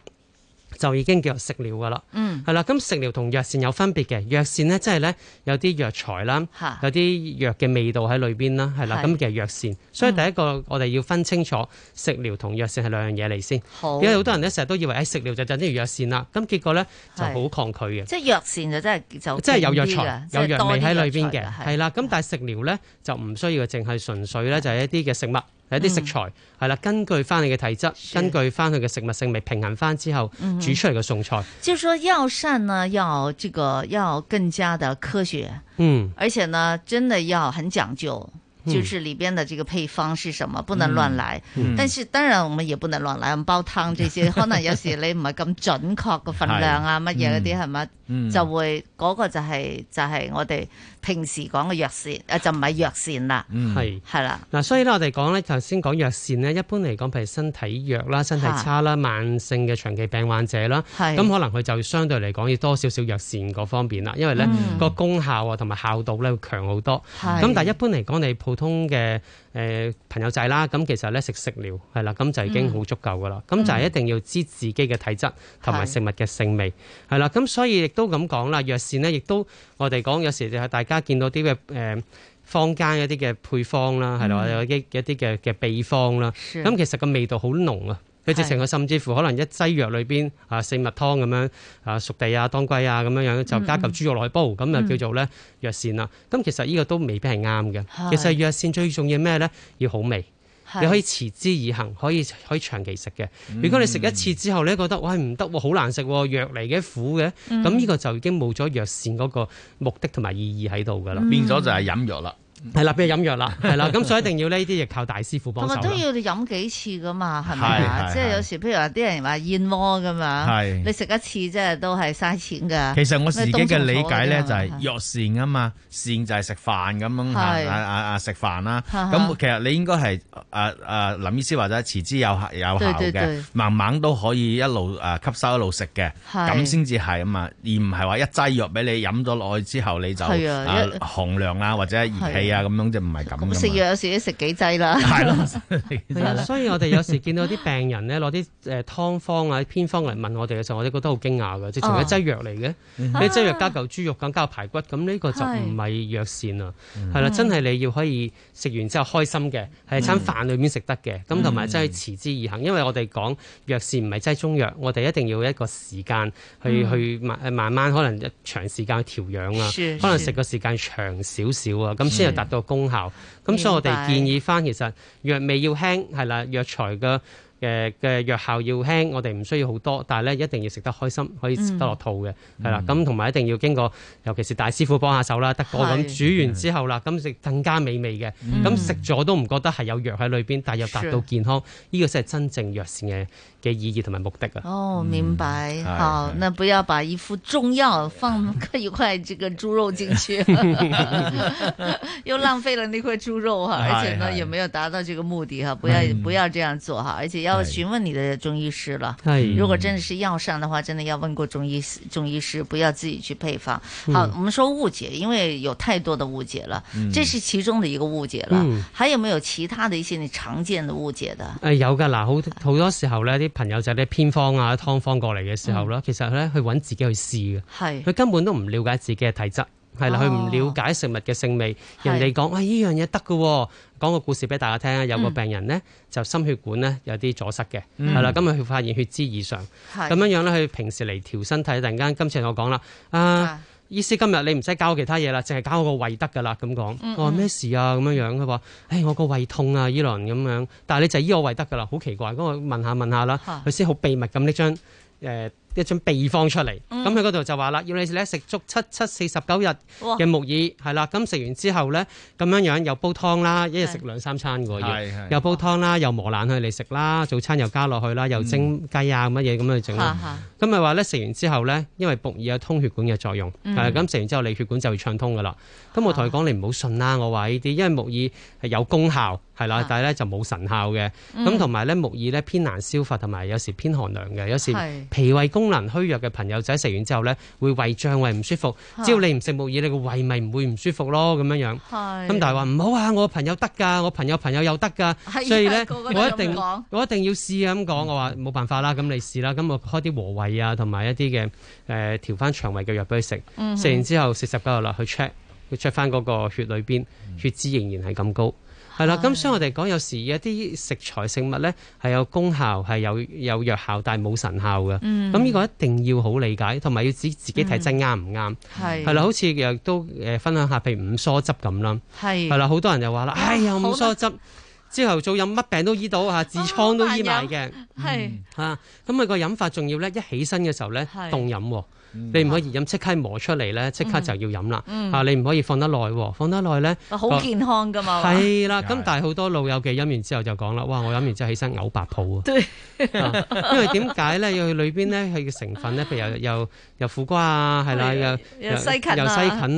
就已經叫做食療噶啦，嗯、係啦。咁食療同藥膳有分別嘅，藥膳咧即係咧有啲藥材啦，有啲藥嘅味道喺裏邊啦，係啦。咁其實藥膳，所以第一個我哋要分清楚、嗯、食療同藥膳係兩樣嘢嚟先。因為好多人咧成日都以為誒食療就等於藥膳啦，咁結果咧就好抗拒嘅。即係藥膳就真係就即係有藥材，材、有藥味喺裏邊嘅，係啦。咁但係食療咧就唔需要淨係純粹咧就係一啲嘅食物。有啲食材，係、嗯、啦，根據翻你嘅體質，根據翻佢嘅食物性味平衡翻之後，嗯、煮出嚟嘅餸菜。就說藥膳呢，要這個要更加的科學，嗯，而且呢，真的要很講究，嗯、就是裏邊的這個配方是什麼，不能亂來。嗯、但是當然，我們也不能亂來，唔煲湯這，就 些可能有時你唔係咁準確嘅分量啊，乜嘢嗰啲係咪？嗯、就會嗰、那個就係、是、就是、我哋平時講嘅藥膳，就唔係藥膳啦。嗯，係係啦。嗱，所以咧我哋講咧就先講藥膳。咧，一般嚟講譬如身體弱啦、身體差啦、慢性嘅長期病患者啦，咁可能佢就相對嚟講要多少少藥膳嗰方面啦，因為咧個、嗯、功效啊同埋效度咧會強好多。咁但係一般嚟講，你普通嘅。呃、朋友仔啦，咁其實咧食食療，係啦，咁就已經好足夠噶啦。咁、嗯、就係一定要知自己嘅體質同埋食物嘅性味係啦。咁、嗯、所以亦都咁講啦，藥膳咧亦都我哋講有時就係大家見到啲嘅誒坊間嗰啲嘅配方啦，係咯，有、嗯、一啲嘅嘅秘方啦。咁其實個味道好濃啊！佢直情佢甚至乎可能一劑藥裏邊啊四物湯咁樣啊熟地啊當歸啊咁樣樣就加嚿豬肉嚟煲，咁、嗯、就叫做咧藥膳啦。咁其實呢個都未必係啱嘅。是其實藥膳最重要咩咧？要好味，是你可以持之以恒，可以可以長期食嘅。嗯、如果你食一次之後咧覺得哇唔得喎，好難食喎，藥嚟嘅苦嘅，咁呢、嗯、個就已經冇咗藥膳嗰個目的同埋意義喺度噶啦，嗯、變咗就係飲藥啦。係 啦，俾佢飲藥啦，係啦，咁所以一定要呢啲亦靠大師傅幫手。同埋都要你飲幾次噶嘛，係咪？即係有時譬如話啲人話燕窩咁樣，你食一次即係都係嘥錢噶。其實我自己嘅理解咧就係藥膳啊嘛，膳就係食飯咁樣，啊啊食，啊、飯啦。咁其實你應該係啊啊林醫師或者持之有有效嘅，慢慢都可以一路啊吸收一路食嘅，咁先至係啊嘛。而唔係話一劑藥俾你飲咗落去之後你就啊寒，啊、涼啦或者熱氣。啊，咁樣就唔係咁。食藥有時都食幾劑啦。係咯， 所以我哋有時見到啲病人咧攞啲誒湯方啊、偏方嚟問我哋嘅時候，我哋覺得好驚訝噶，即係從一劑藥嚟嘅，呢劑藥加嚿豬肉，咁加排骨，咁呢個就唔係藥膳啊。係啦、嗯，真係你要可以食完之後開心嘅，喺餐飯裏面食得嘅，咁同埋真係持之以恆。因為我哋講藥膳唔係劑中藥，我哋一定要一個時間去、嗯、去，去慢慢可能長時間調養啊，可能食個時間長少少啊，咁先。達到功效，咁所以我哋建議翻，其實藥味要輕，係啦，藥材嘅。嘅嘅藥效要輕，我哋唔需要好多，但係咧一定要食得開心，可以食得落肚嘅，係、嗯、啦。咁同埋一定要經過，尤其是大師傅幫下手啦，得過咁煮完之後啦，咁食更加美味嘅。咁食咗都唔覺得係有藥喺裏邊，但係又達到健康，呢、這個先係真正藥膳嘅嘅意義同埋目的啊。哦、嗯，明白。好，那不要把一副中藥放一塊，這個豬肉進去， 又浪費了那塊豬肉哈，而且呢，也沒有達到這個目的哈。不要不要這樣做哈，而且要。要詢問你的中醫師啦，如果真的是藥膳的話，真的要問過中醫師，中醫師不要自己去配方。好，我們說誤解，因為有太多的誤解了、嗯，這是其中的一個誤解了、嗯、還有沒有其他的一些你常見的誤解的？誒、嗯嗯嗯啊，有噶嗱，好好多時候呢啲朋友就係啲偏方啊湯方過嚟嘅時候啦、嗯，其實咧去揾自己去試嘅，係，佢根本都唔了解自己嘅體質。係啦，佢唔了解食物嘅性味，哦、人哋講，喂，呢、哎、樣嘢得噶，講個故事俾大家聽啊！有個病人咧、嗯、就心血管咧有啲阻塞嘅，係、嗯、啦，今日佢發現血脂異常，咁樣樣咧，佢平時嚟調身體，突然間今次我講啦，啊，醫師今日你唔使搞我其他嘢啦，淨係搞我個胃得噶啦，咁講，我話咩事啊？咁樣樣佢話，誒、哎，我個胃痛啊，呢輪咁樣，但係你就醫我個胃得噶啦，好奇怪，咁我問一下問一下啦，佢先好秘密咁搦張誒。呃一種秘方出嚟，咁佢嗰度就話啦，要你咧食足七七四十九日嘅木耳，係啦，咁食完之後咧，咁樣樣又煲湯啦，一日食兩三餐喎，又煲湯啦，又磨爛去你食啦，早餐又加落去啦，又蒸雞啊，乜嘢咁樣整，咁咪話咧食完之後咧，因為木耳有通血管嘅作用，係咁食完之後你血管就會暢通噶啦。咁我同佢講你唔好信啦，我話呢啲，因為木耳係有功效。係啦，但係咧就冇神效嘅。咁同埋咧木耳咧偏難消化，同埋有，有時偏寒涼嘅。有時脾胃功能虛弱嘅朋友仔食完之後咧，會胃脹、胃唔舒服。只要你唔食木耳，你個胃咪唔會唔舒服咯。咁樣樣。咁但係話唔好啊！我朋友得噶，我朋友朋友又得噶，所以咧我一定我，我一定要試咁講。我話冇辦法啦，咁你試啦。咁我開啲和胃啊，同埋一啲嘅誒調翻腸胃嘅藥俾佢食。食、嗯、完之後食食九日啦，去 check，去 check 翻嗰個血裏邊血脂仍然係咁高。係啦，咁所以我哋講有時一啲食材食物咧，係有功效，係有有藥效，但係冇神效嘅。咁、嗯、呢個一定要好理解，同埋要自自己睇真啱唔啱。係、嗯，係啦，好似又都誒分享一下，譬如五梳汁咁啦。係，係啦，好多人就話啦，哎呀，五梳汁朝頭早飲乜病都醫到嚇，痔瘡都醫埋嘅。係嚇，咁啊、嗯嗰個飲法仲要咧，一起身嘅時候咧，凍飲、啊。嗯、你唔可以飲，即刻磨出嚟咧，即刻就要飲啦。嗯、啊，你唔可以放得耐、啊，放得耐咧。好、啊、健康噶嘛。係啦，咁但係好多老友記飲完之後就講啦，哇！我飲完之後起身嘔白泡啊。因為點解咧？因為裏邊咧佢嘅成分咧，譬如有又又苦瓜啊，係啦，又又西芹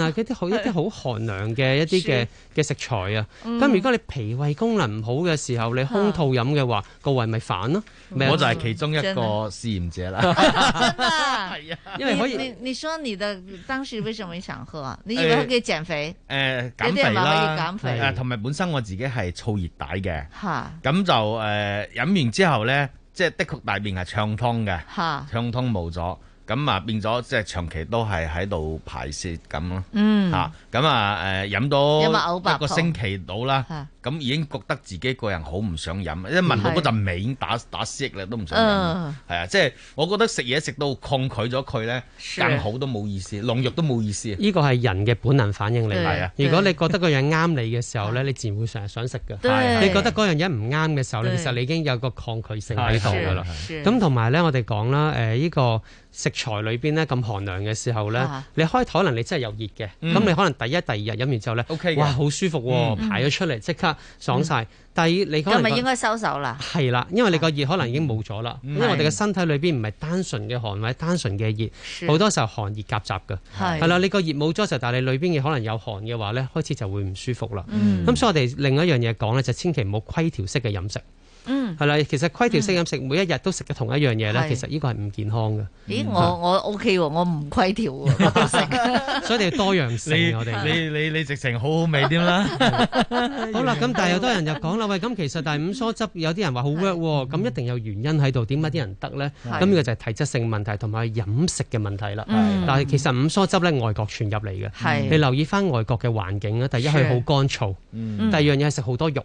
啊，嗰啲好一啲好寒涼嘅一啲嘅。嘅食材啊，咁如果你脾胃功能唔好嘅時候，你空肚飲嘅話、嗯，個胃咪反咯、啊嗯。我就係其中一個試、嗯、驗者啦。係 啊，真 因為可以。你你，你說你的當時為什麼想喝？欸、你以為佢可以減肥？誒、呃，減肥啦，減肥。誒、啊，同埋本身我自己係燥熱底嘅。吓咁就誒飲、呃、完之後咧，即、就、係、是、的確大便係暢通嘅。吓暢通冇咗。咁啊，變咗即係長期都係喺度排泄咁咯，吓、嗯、咁啊，誒、啊，飲、呃、到一個星期到啦。嗯咁已經覺得自己個人好唔想飲，即係聞到嗰陣味已經打打色啦，都唔想飲。係啊，即係我覺得食嘢食到抗拒咗佢咧，更好都冇意思，龍肉都冇意思。呢個係人嘅本能反應嚟埋啊！如果你覺得個嘢啱你嘅時候咧，你自然會成日想食嘅。你覺得嗰樣嘢唔啱嘅時候咧，其實你已經有個抗拒性喺度㗎啦。咁同埋咧，我哋講啦，誒呢個食材裏邊咧咁寒涼嘅時候咧，你開頭可能你真係有熱嘅，咁你可能第一、第二日飲完之後咧，哇好舒服排咗出嚟即刻。爽晒，但二你個咪應該收手啦。係啦，因為你個熱可能已經冇咗啦。嗯、因為我哋嘅身體裏邊唔係單純嘅寒或者單純嘅熱，好是多時候寒熱夾雜噶。係是，係啦，你個熱冇咗時候，但係你裏邊嘅可能有寒嘅話咧，開始就會唔舒服啦。咁、嗯嗯、所以我哋另一樣嘢講咧，就是、千祈唔好規條式嘅飲食。嗯，係啦，其實規條式飲食每一日都食嘅同一樣嘢咧，其實呢個係唔健康嘅。咦，我我 O K，我唔規條食，所以你要多樣性。我哋你你你直情好好味添啦。好啦，咁但係有多人就講啦，喂，咁其實但係五蔬汁有啲人話好 work，咁一定有原因喺度。點解啲人得咧？咁呢個就係體質性問題同埋飲食嘅問題啦。但係其實五蔬汁咧，外國傳入嚟嘅，你留意翻外國嘅環境啦。第一係好乾燥，第二樣嘢係食好多肉。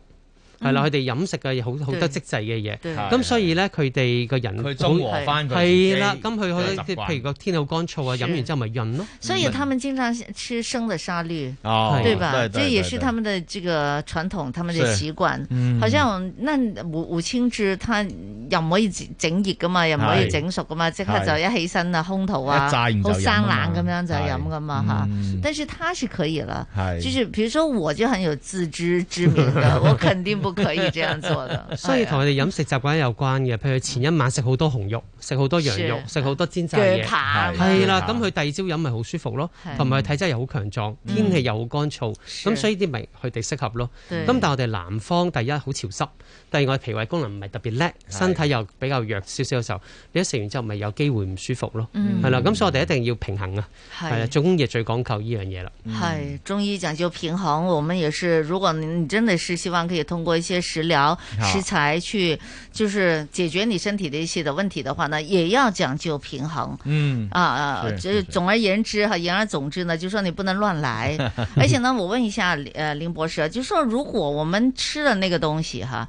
係啦，佢哋飲食嘅好好多積滯嘅嘢，咁、嗯嗯嗯嗯、所以咧佢哋個人去中和翻佢係啦，咁佢去，譬、嗯、如個天好乾燥啊，飲完之後咪潤咯。所以他們經常吃生嘅沙律，哦，對吧？即係也是他們的這個傳統，他們嘅習慣。好像我那胡清青柱他又唔可以整熱噶嘛，又唔可以整熟噶嘛，即刻就一起身啊，空肚啊，好生冷咁樣就飲噶嘛嚇、嗯。但是他是可以啦，即是，、就是譬如說，我就很有自知之明的，我肯定。 不可以這樣做的，所以同佢哋飲食習慣有關嘅，譬、啊、如前一晚食好多紅肉，食好多羊肉，食好多煎炸嘢，係啦、啊，咁佢、啊啊啊、第二朝飲咪好舒服咯，同埋、啊、體質又好強壯、啊，天氣又好乾燥，咁、嗯、所以啲咪佢哋適合咯。咁、啊、但係我哋南方第一好潮濕。另外脾胃功能唔係特別叻，身體又比較弱少少嘅時候，你一食完之後咪有機會唔舒服咯，係、嗯、啦，咁所以我哋一定要平衡啊，係、嗯、啊，中醫最講究呢樣嘢啦。係中醫講究平衡，我們也是，如果你真的是希望可以通過一些食療食材去，就是解決你身體的一些的問題的話，呢也要講究平衡。嗯，啊，就、呃、總而言之哈，言而總之呢，就說你不能亂來， 而且呢，我問一下，誒、呃、林博士，就說如果我們吃了那個東西哈？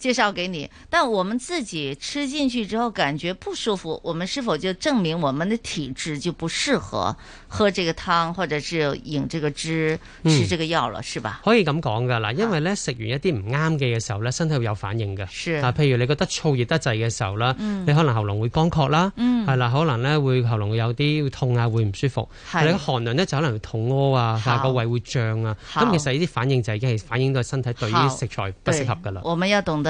介紹給你，但我們自己吃進去之後感覺不舒服，我們是否就證明我們的體質就不適合喝這個湯，或者是飲這個汁、吃這個藥了，嗯、是吧？可以咁講噶啦，因為呢食完一啲唔啱嘅嘅時候咧，身體會有反應嘅。是啊，譬如你覺得燥熱得滯嘅時候啦、嗯，你可能喉嚨會乾渴啦，係、嗯、啦，可能咧會喉嚨會有啲痛啊，會唔舒服。係、嗯、你嘅寒涼咧就可能會痛屙啊，下個、啊、胃會脹啊。咁其實呢啲反應就係已經係反映到身體對於食材不適合噶啦。我們要懂得。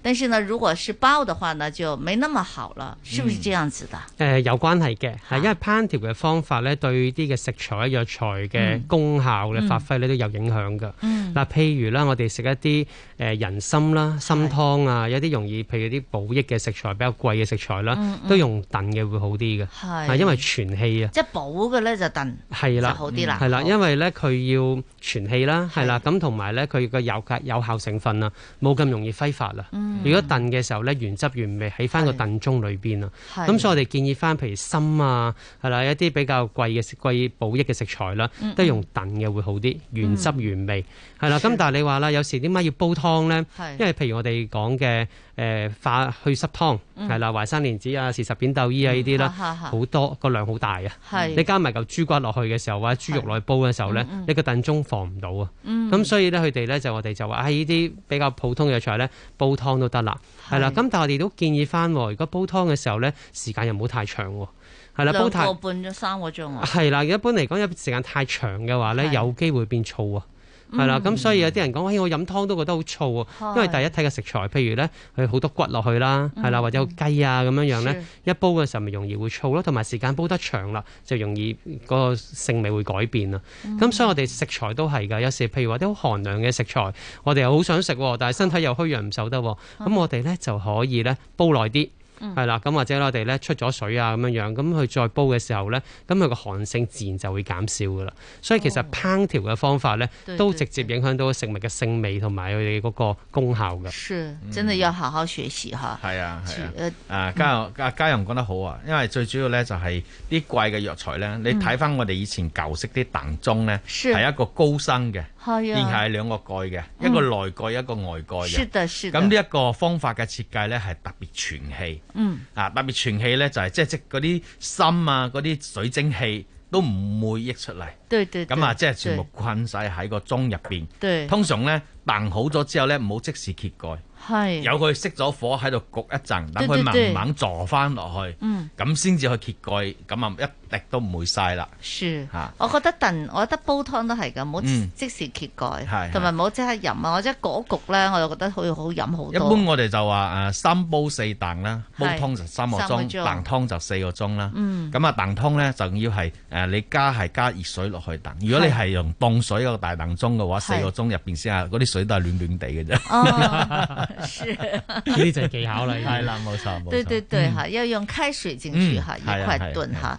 但是呢，如果是煲嘅話呢，就沒那麼好了，嗯、是不是這樣子的？誒、呃，有關係嘅，係、啊、因為烹調嘅方法呢對啲嘅食材藥材嘅功效嘅、嗯、發揮呢都有影響噶。嗱、嗯呃，譬如呢我哋食一啲誒人參啦、參湯啊，有啲容易，譬如啲補益嘅食材比較貴嘅食材啦、嗯嗯，都用燉嘅會好啲嘅，係，因為存氣啊。即係補嘅呢就燉係啦，好啲啦，係啦，因為呢佢要存氣啦，係啦，咁同埋咧佢個有有，有效成分啊，冇咁容易揮發啦。嗯如果燉嘅時候咧，原汁原味喺翻個燉盅裏邊，啊，咁所以我哋建議翻譬如參啊，係啦，一啲比較貴嘅食，貴補益嘅食材啦，都係用燉嘅會好啲，原汁原味係啦。咁、嗯、但係你話啦，有時點解要煲湯咧？因為譬如我哋講嘅誒化去濕湯。係啦，淮山蓮子時，嗯、啊，豉實扁豆衣啊，呢啲啦，好多個量好大啊。是你加埋嚿豬骨落去嘅時候，或者豬肉落去煲嘅時候咧，呢個燉盅放唔到，嗯、啊。咁所以咧，佢哋咧就我哋就話，啊呢啲比較普通嘅菜咧，煲湯都得啦。係啦，咁是但係我哋都建議翻，如果煲湯嘅時候咧，時間又唔好太長。係啦，煲太半咗三個鐘啊。係啦，一般嚟講的，有時間太長嘅話咧，有機會變燥啊。係啦，咁所以有啲人講、哎，我飲湯都覺得好燥啊，因為第一睇嘅食材，譬如咧，佢好多骨落去啦，係啦，或者有雞啊咁樣樣咧，一煲嘅時候咪容易會燥咯，同埋時間煲得長啦，就容易嗰個性味會改變啊。咁、嗯、所以我哋食材都係噶，有時候譬如話啲好寒涼嘅食材，我哋又好想食，但係身體又虛弱唔受得，咁我哋咧就可以咧煲耐啲。係啦，咁或者我哋咧出咗水啊，咁樣樣咁佢再煲嘅時候咧，咁佢個寒性自然就會減少噶啦。所以其實烹調嘅方法咧，都直接影響到食物嘅性味同埋佢哋嗰個功效嘅。真係要好好學習吓。係、嗯、啊，係啊，家揚家揚講得好啊，因為最主要咧就係啲貴嘅藥材咧，你睇翻我哋以前舊式啲燉盅咧，係、嗯、一個高薪嘅。係啊，然係兩個蓋嘅，一個內蓋，一個外蓋嘅。是的，是的。咁呢一個方法嘅設計咧，係特別全氣。嗯。啊，特別全氣咧，就係即係即嗰啲心啊，嗰啲水蒸氣都唔會溢出嚟。對對。咁啊，即係全部困晒喺個盅入邊。對。通常咧燉好咗之後咧，唔好即時揭蓋。係。由佢熄咗火喺度焗一陣，等佢慢慢坐翻落去。嗯。咁先至去揭蓋，咁啊一。力都唔會嘥啦。是，我覺得燉，我覺得煲湯都係咁，冇即時揭蓋，同埋冇即刻飲啊！我覺得嗰一局咧，我就覺得好好飲好多。一般我哋就話誒三煲四燉啦，煲湯就三個鐘，燉湯就四個鐘啦。咁啊燉湯咧就要係誒你加係加熱水落去燉。如果你係用凍水個大燉盅嘅話，四個鐘入邊先啊，嗰啲水都係暖暖地嘅啫。是，呢就係技巧啦，係啦，冇錯冇錯。對對對，哈要用開水進去哈，一塊燉哈。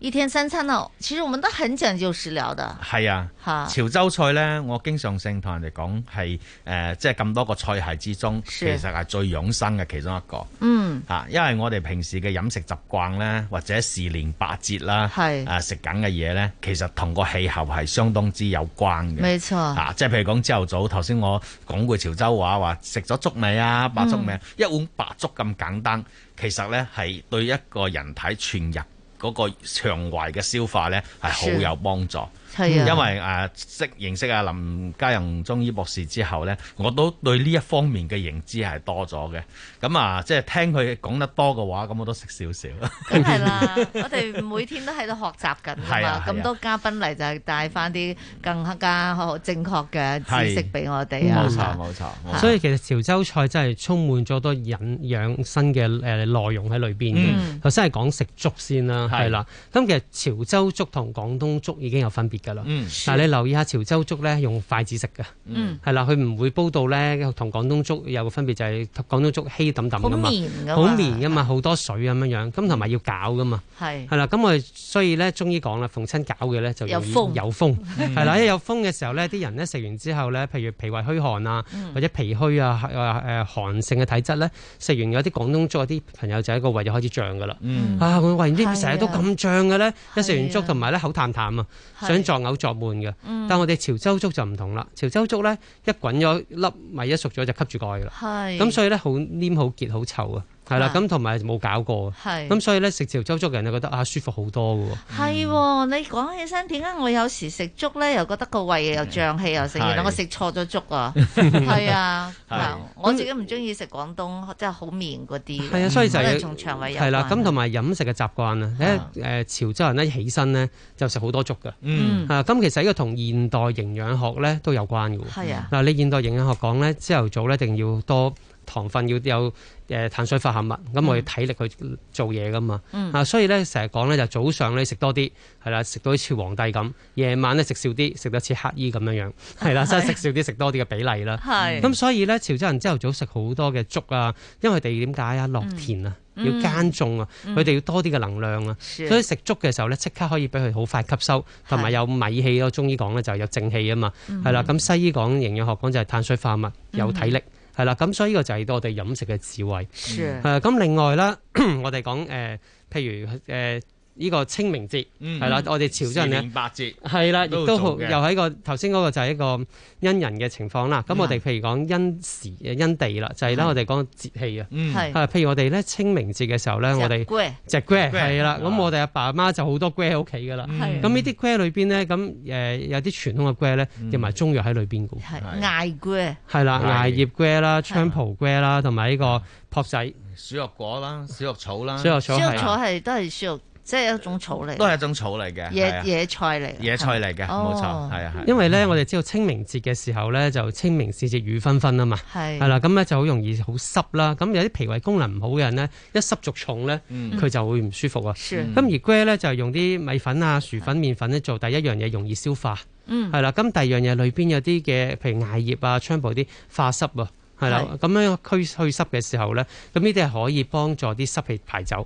一天三餐咯，其實我們都很講究食療的。係啊，潮州菜呢，我經常性同人哋講係誒，即係咁多個菜系之中，是其實係最養生嘅其中一個。嗯，吓、啊，因為我哋平時嘅飲食習慣呢，或者時年八節啦，係啊，食緊嘅嘢呢，其實同個氣候係相當之有關嘅。沒錯，啊，即係譬如講朝頭早，頭先我講句潮州話，話食咗粥未啊，白粥未、啊嗯、一碗白粥咁簡單，其實呢係對一個人體全日。嗰個腸胃嘅消化咧，係好有幫助。係、啊嗯，因為誒識、啊、認識阿林家揚中醫博士之後咧，我都對呢一方面嘅認知係多咗嘅。咁啊，即係聽佢講得多嘅話，咁我都識少少。咁係啦，我哋每天都喺度學習緊 啊咁、啊、多嘉賓嚟就係帶翻啲更加正確嘅知識俾我哋啊。冇、啊、錯冇、啊、錯，所以其實潮州菜真係充滿咗多引養生嘅誒內容喺裏邊。頭先係講食粥先啦、啊，係啦、啊，咁、啊、其實潮州粥同廣東粥已經有分別。噶、嗯、啦，但係你留意一下潮州粥咧，用筷子食嘅，係、嗯、啦，佢唔會煲到咧，同廣東粥有個分別就係、是、廣東粥稀揼揼噶嘛，好綿噶嘛，好多水咁樣樣，咁同埋要搞噶嘛，係係啦，咁我哋所以咧中醫講啦，逢親搞嘅咧就容易有風，係啦、嗯，一有風嘅時候咧，啲人咧食完之後咧，譬如脾胃虛寒啊、嗯，或者脾虛啊，誒寒，寒性嘅體質咧，食完有啲廣東粥，啲朋友就喺個胃就開始脹噶啦、嗯，啊，我胃點解成日都咁脹嘅咧？一食完粥同埋咧口淡淡啊，想，作嘔作悶嘅，但我哋潮州粥就唔同啦。潮州粥咧，一滾咗粒米，一熟咗就吸住蓋噶啦。咁所以咧，好黏、好結、好臭啊！係啦、啊，咁同埋冇搞過，咁、啊、所以咧食潮州粥嘅人就覺得啊舒服好多嘅喎。係、啊嗯，你講起身點解我有時食粥咧又覺得個胃又脹氣又食，原來我食錯咗粥啊！係啊、嗯啊，啊，我自己唔中意食廣東即係好綿嗰啲。係啊，所以就係、是、從腸胃有關。係啦、啊，咁同埋飲食嘅習慣啊，咧、呃、潮州人咧起身咧就食好多粥嘅。嗯，咁、啊、其實呢個同現代營養學咧都有關嘅喎。係啊，嗱、啊，你現代營養學講咧，朝頭早一定要多。糖分要有誒、呃、碳水化合物，咁、嗯、我要體力去做嘢噶嘛、嗯，啊，所以咧成日講咧就早上咧食多啲，係啦，食到啲似皇帝咁；夜晚咧食少啲，食到似乞衣咁樣樣，係啦，即係食少啲、食多啲嘅比例啦。係、嗯，咁、啊、所以咧潮州人朝頭早食好多嘅粥啊，因為佢哋點解啊？落田啊，要耕種啊，佢、嗯、哋要多啲嘅能量啊，所以食粥嘅時候咧即刻可以俾佢好快吸收，同埋有，有米氣。個中醫講咧就係、有正氣啊嘛，係、嗯、啦。咁西醫講營養學講就係碳水化合物有體力。嗯係啦，咁所以呢個就係我哋飲食嘅智慧。係啊，咁另外啦，我哋講誒，譬如誒。呃呢、這個清明節係啦，我哋潮州人咧，八節節係啦，亦都又一個頭先嗰個就係一個因人嘅情況啦。咁我哋譬如講因時、嗯、因地啦，就係、是、啦，我哋講節氣啊。係、嗯、譬如我哋咧清明節嘅時候咧，我哋只粿係啦。咁我哋阿爸阿媽就好多粿喺屋企噶啦。係咁呢啲粿裏邊咧，咁有啲傳統嘅粿咧，埋、嗯、中藥喺裏邊嘅。係艾粿係啦，艾葉粿啦，菖蒲粿啦，同埋呢個樸仔、鼠肉果啦、鼠肉草啦。鼠肉草係都係即係一種草嚟，都係一種草嚟嘅野野菜嚟，野菜嚟嘅，冇錯係啊，啊，啊。因為咧，嗯、我哋知道清明節嘅時候咧，就清明時節雨紛紛啊嘛，係係啦，咁咧、啊、就好容易好濕啦。咁有啲脾胃功能唔好嘅人咧，一濕重重咧，佢、嗯、就會唔舒服啊。咁、啊嗯、而粿咧就係用啲米粉啊、薯粉、麵粉咧做第一樣嘢，容易消化，係、嗯、啦、啊。咁第二樣嘢裏邊有啲嘅，譬如艾葉啊、菖蒲啲化濕啊。係啦，咁樣去去濕嘅時候呢，咁呢啲係可以幫助啲濕氣排走，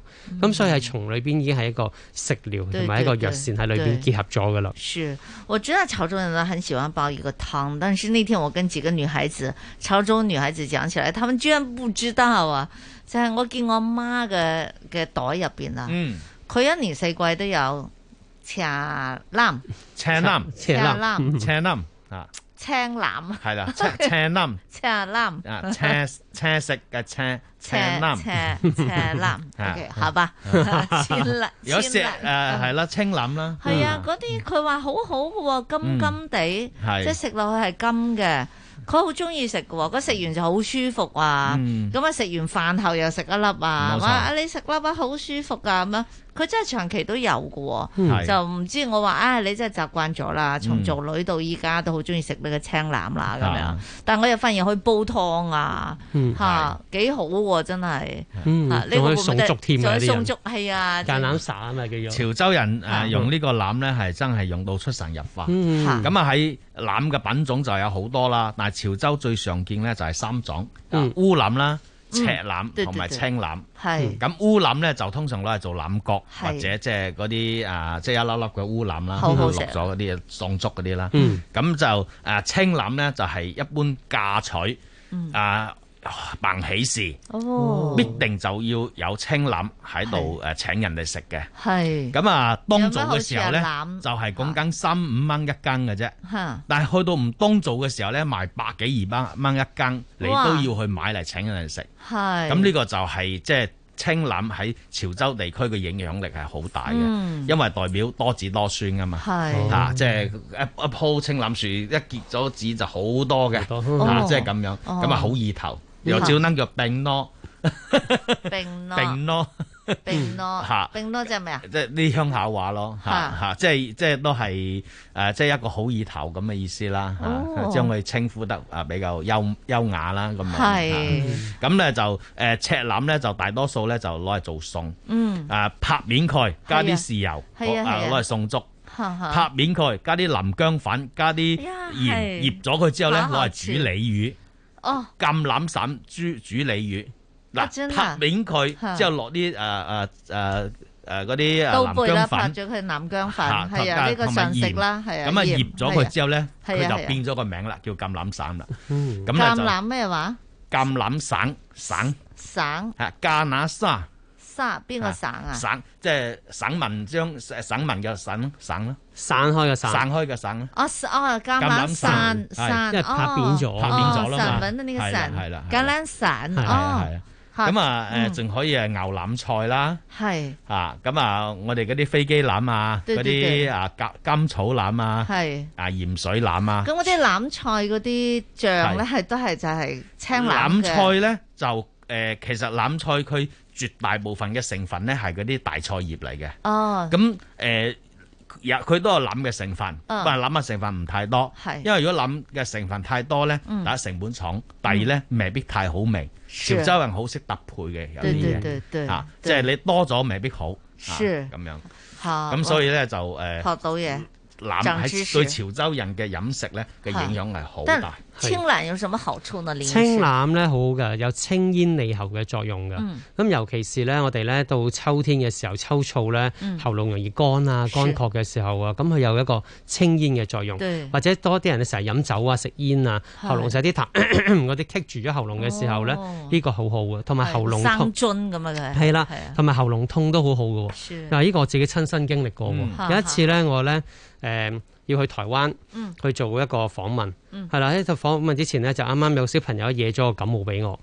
咁、嗯、所以係從裏邊已經係一個食療同埋一個藥膳喺裏邊結合咗㗎啦。我知道潮州人都很喜歡煲一個湯，但是那天我跟幾個女孩子，潮州女孩子講起來，他們居然唔知道啊！就係、是、我見我媽嘅嘅袋入邊啊，佢、嗯、一年四季都有赤腩、赤赤青欖係啦，青青欖，青欖啊，青青色嘅青，青欖，青欖，OK，好吧，千粒，有石誒，係啦，青欖啦，係啊，嗰啲佢話好好嘅，金金地、嗯，即係食落去係金嘅，佢好中意食嘅，佢食完就好舒服啊，咁啊食完飯後又食一粒啊，哇、啊，你食粒粒、啊、好舒服噶、啊、咁樣。佢真係長期都有嘅、嗯，就唔知我話啊，你真係習慣咗啦。從做女到依家都好中意食呢個青欖啦咁樣。但係我又發現可以煲湯、嗯、啊，嚇、嗯、幾好喎！真係，仲、嗯啊可，啊、可以送粥添啊呢送粥，係啊。橄欖散啊，幾樣。潮州人誒、嗯、用呢個欖咧係真係用到出神入化。咁啊喺欖嘅品種就有好多啦，但係潮州最常見咧就係三種、嗯啊、烏欖啦。赤欖同埋青欖，係咁烏欖咧就通常攞嚟做欖角、嗯、或者即係嗰啲啊，即、就、係、是呃就是、一粒粒嘅烏欖啦，落咗嗰啲送粥嗰啲啦。咁、嗯嗯、就誒、呃、青欖咧就係、是、一般嫁娶啊。呃嗯辦喜事、哦，必定就要有青欖喺度誒，請人哋食嘅。係咁啊，當造嘅時候呢，就係講緊三五蚊一斤嘅啫、啊。但係去到唔當造嘅時候呢，賣百幾二百蚊一斤，你都要去買嚟請人哋食。係咁呢個就係即係青欖喺潮州地區嘅影響力係好大嘅、嗯，因為代表多子多孫啊嘛。係嗱，即、哦、係、啊就是、一一棵青欖樹一結咗子就好多嘅，即係咁樣，咁啊好意頭。又、嗯、照拎叫並攞、並攞，嗯，並攞，並攞、並攞， 並攞，並攞，嚇！ 並攞即係咩啊？即係啲鄉下話咯，即係即都係即係一個好意頭咁嘅意思啦嚇，將佢稱呼得啊比較優雅啦咁樣咁咧、嗯、就、呃、赤鱲咧就大多數咧就攞嚟做餸，啊拍面蓋加啲豉油，攞嚟餸粥，拍面蓋加啲、啊啊啊啊啊、淋薑粉，加啲鹽、啊啊、醃咗佢之後咧攞嚟煮鯉魚。哦，橄欖散豬煮鯉魚，嗱，拍扁佢，之後落啲誒誒誒誒嗰啲南姜粉，拌咗佢南姜粉，係啊，呢個常食啦，係啊，咁啊醃咗佢之後咧，佢就變咗個名啦，叫橄欖散啦。嗯，咁就橄欖咩話？橄欖散散散，係加拿大。省邊個省啊？省即係省文章，省文嘅省咯，省咯。散開嘅省，散開嘅省咯。我我啊，橄欖省，省哦。因為拍扁咗，拍扁咗啦嘛。係啦，係啦。橄欖省哦。咁啊，誒，仲可以係牛欖菜啦。係。啊，咁啊，我哋嗰啲飛機欖啊，嗰啲啊，甘甘草欖啊，係。啊，鹽水欖啊。咁嗰啲欖菜嗰啲醬咧，係都係就係青欖嘅。欖菜咧就誒，其實欖菜佢。絕大部分嘅成分呢係嗰啲大菜葉嚟嘅，哦、嗯，咁、嗯、誒，也、嗯、佢都有諗嘅成分，啊、嗯，諗嘅成分唔太多，係，因為如果諗嘅成分太多呢，第、嗯、一成本重，第二呢、嗯、未必太好味。潮州人好識搭配嘅，有啲嘢嚇，即係、就是、你多咗未必好，咁、啊、樣咁、嗯嗯、所以呢，就誒學、呃、到嘢，諗喺對潮州人嘅飲食呢，嘅影響係好大。青欖有什麼好處呢？青欖咧好嘅，有清咽利喉嘅作用嘅。咁、嗯、尤其是咧，我哋咧到秋天嘅時候秋燥咧，喉嚨容易乾啊、乾渴嘅時候啊，咁佢有一個清咽嘅作用。或者多啲人成日飲酒啊、食煙啊，喉嚨有啲痰嗰啲棘住咗喉嚨嘅時候咧，呢個好好嘅。同埋喉嚨生津咁啊，係啦，同埋喉嚨痛都好好嘅。嗱，呢個我自己親身經歷過。有一次咧，我咧誒。要去台灣去做一個訪問，係、嗯、啦。喺度訪問之前咧，就啱啱有小朋友惹咗個感冒俾我，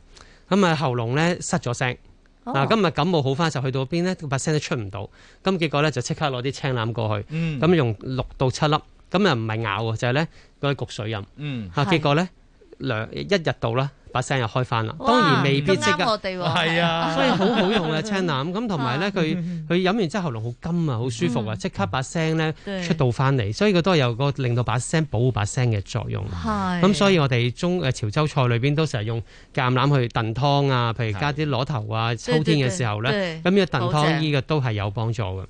咁啊喉嚨咧失咗聲。咁、哦、今日感冒好翻就去到邊咧？個把聲都出唔到。咁結果咧就即刻攞啲青欖過去，咁、嗯、用六到七粒。咁又唔係咬就係咧嗰啲焗水飲。嗯，嚇結果咧。兩一日到啦，把聲又開翻啦。當然未必即刻。係啊，啊，所以好好用啊，青欖咁，同埋咧，佢佢飲完之後喉嚨好甘啊，好舒服啊，嗯、即刻把聲咧出到翻嚟。所以佢都係有一個令到把聲保護把聲嘅作用。係。咁所以我哋中誒潮州菜裏邊都成日用橄欖去燉湯啊，譬如加啲螺頭啊，對對對秋天嘅時候咧，咁呢個燉湯呢個都係有幫助嘅。係、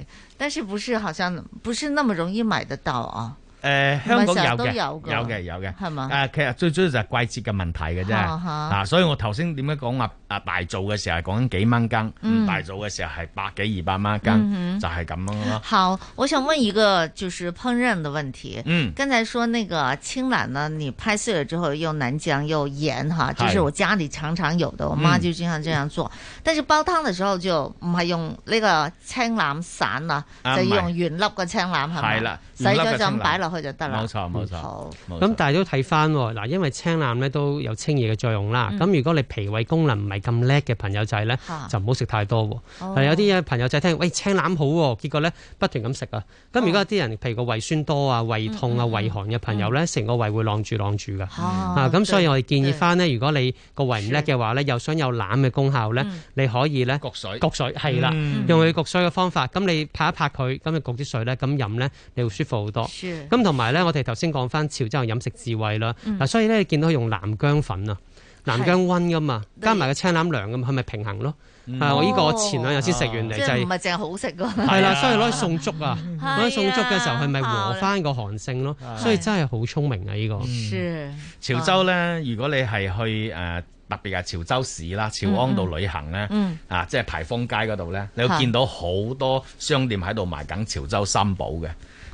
嗯，但是不是好像不是那麼容易買得到啊？誒、呃，香港有嘅，有嘅，有嘅，係嘛、呃？其實最主要就係季節嘅問題嘅啫、 啊，所以我頭先點解講話啊大做嘅時候係講緊幾蚊斤，大做嘅時候係、嗯、百幾二百蚊一斤，就係、是、咁樣咯。好，我想問一個就是烹飪的問題。嗯，剛才說那個青欖呢，你拍碎咗之後又南薑又鹽哈，就是我家裏常常有的，我媽就經常這樣做。嗯、但是煲湯的時候就唔係用呢個青欖散啊，就要用原粒嘅青欖係嘛？啊洗咗就咁擺落去就得啦。冇錯冇錯，好。咁但係都睇翻嗱，因為青欖咧都有清熱嘅作用啦。咁如果你脾胃功能唔係咁叻嘅朋友仔咧，就唔好食太多。但有啲朋友仔聽，喂青欖好，結果咧不斷咁食啊。咁如果有啲人譬如個胃酸多啊、胃痛啊、胃寒嘅朋友咧，成個胃會浪住浪住嘅。啊，咁所以我哋建議翻咧，如果你個胃唔叻嘅話咧，又想有欖嘅功效咧，你可以咧，焗水焗水係啦，用佢焗水嘅方法。咁你拍一拍佢，咁你焗啲水咧，咁飲咧你會舒服。好多咁，同埋咧，我哋頭先講翻潮州飲食智慧啦。嗱、嗯，所以咧，你見到用南薑粉南溫、嗯、啊，南薑溫噶嘛，加埋個青欖涼噶嘛，係咪平衡咯？係我呢個前兩日先食完嚟、哦，就唔係淨係好食，係啦。所以攞去、就是啊啊、送粥啊，攞去送粥嘅時候，佢咪和翻個寒性咯、啊。所以真係好聰明啊！呢個、嗯嗯、潮州咧，如果你係去誒、呃、特別係潮州市啦、潮安度旅行咧、嗯嗯，啊，即係牌坊街嗰度咧，你會見到好多商店喺度賣緊潮州三寶嘅。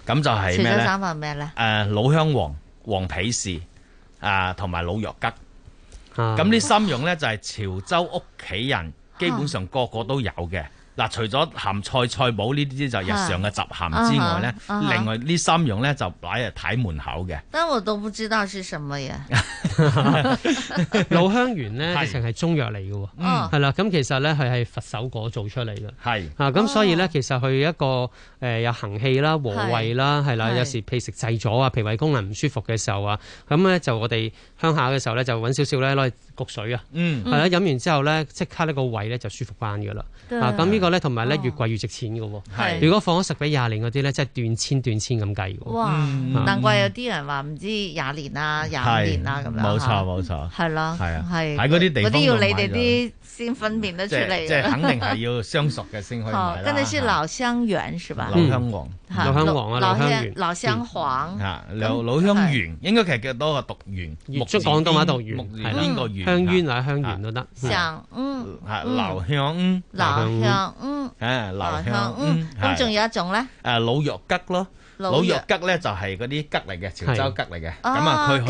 咁就係咩？潮州三粉咩咧？誒、呃，老香黃、黃皮士、呃、啊，同埋老藥桔。咁啲三樣呢，就係、是、潮州屋企人、啊、基本上個個都有嘅。嗱、啊，除咗鹹菜菜脯呢啲就日常嘅雜鹹之外咧、啊，另外、啊另外啊、這三呢三樣咧就擺喺睇門口嘅，但我都不知道係什麼嘢。 老香圓咧係係中藥嚟嘅喎，係啦，咁、嗯嗯、其實咧佢係佛手果做出嚟嘅，係咁、啊、所以咧、哦、其實佢一個誒、呃、有行氣啦、和胃啦，係啦，有時譬如食滯咗啊、脾胃功能唔舒服嘅時候啊，咁咧就我哋鄉下嘅時候咧就揾少少咧攞嚟焗水啊，係、嗯、啦，飲完之後咧即刻呢個胃咧就舒服翻㗎啦。咁呢、啊這個。同埋咧越貴越值錢嘅喎、哦，如果放咗十幾廿年嗰啲咧，即係斷千斷千咁計喎。哇！難、嗯、怪有啲人話唔知廿年啊、廿年啊咁樣。冇錯冇錯，係咯，係喺嗰啲地方要你哋啲。先分辨得出嚟即係，肯定係要相熟嘅先可以 跟住是老香圓，是吧，嗯是嗯老香老香，老香黃，嗯，老，香老香黃啊，嗯，老香，嗯，老香黃啊。老香圓，應該其實叫多個獨圓。木足廣東話毒圓，木圓邊個圓？香櫞啊，香圓都得。上嗯，老香嗯老香，老香嗯，留香嗯，咁仲有一種咧？誒，老藥桔咯，老藥桔咧就係嗰啲桔嚟嘅，潮州桔嚟嘅。咁啊，嗯它它它，佢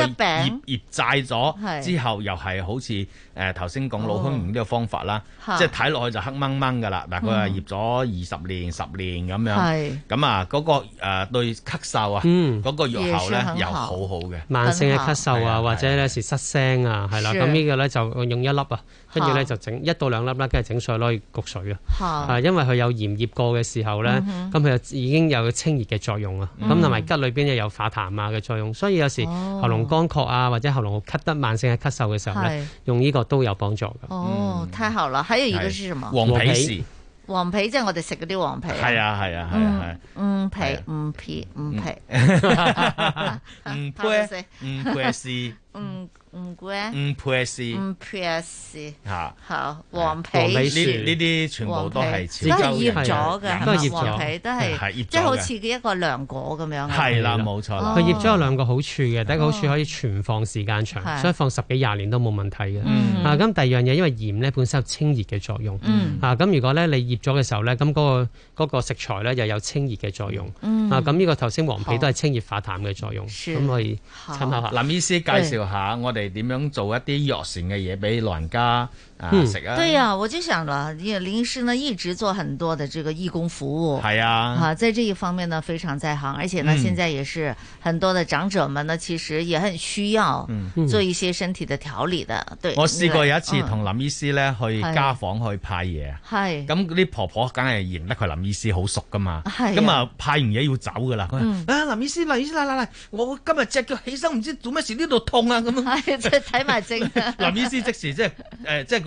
去葉葉晒咗之後，又係好似。誒頭先講老香黃呢個方法啦，oh. 即係睇落去就黑掹掹㗎啦。嗱佢係醃咗二十年、嗯、十年咁樣，咁啊嗰個誒對咳嗽啊，嗰、那個藥效咧又好很好嘅。慢性嘅咳嗽啊，或者有是失聲啊，係啦。咁呢個咧就用一粒啊，跟住咧就整一到兩粒啦，跟住整水攞去焗水啊。係、啊、因為佢有鹽醃過嘅時候咧，咁、嗯、佢已經有清熱嘅作用啊。咁同埋吉裏邊又有化痰啊嘅作用，所以有時喉嚨乾渴啊，或者喉嚨喉咳得慢性嘅咳嗽嘅時候咧，用呢個。都有幫助嘅。哦，太好啦，還有，一個是什麼？黃皮樹，黃皮即係我哋食嗰啲黃皮。係啊，係啊，係啊，係、啊嗯。嗯皮，皮唔皮唔皮，嗯皮，怪事唔唔貴啊！唔唔配 S，嚇嚇黃皮，黃皮呢？啲全部都係都係醃咗嘅，係咪？黃皮都係，即係、就是、好似嘅一個涼果咁樣。係啦，冇錯。佢、哦、醃咗有兩個好處嘅、哦，第一個好處可以存放時間長，所以放十幾廿年都冇問題嘅、嗯。啊，咁第二樣嘢，因為鹽咧本身有清熱嘅作用。嗯、啊，咁如果咧你醃咗嘅時候咧，咁、嗰、嗰、個嗰個食材咧又有清熱嘅作用。嗯、啊，咁呢個頭先黃皮都係清熱化痰嘅作用。咁可以參考下。林醫師介紹下我哋。點樣做一啲藥膳嘅嘢俾老人家？食啊、嗯、啊！對呀、啊，我就想着林醫師呢一直做很多的這個義工服務，係啊，哈、啊，在這一方面呢非常在行，而且呢、嗯、現在也是很多的長者們呢其實也很需要做一些身體的調理的。嗯、對，我試過有一次同林醫師呢去家訪去派嘢，係咁啲婆婆梗係認得佢林醫師好熟噶嘛，係咁啊那派完嘢要走噶啦、嗯啊，林醫師林醫師嚟嚟嚟，我今日隻腳起身唔知做咩事呢度痛啊咁，係即係睇埋症林醫師即時、呃、即係誒即係。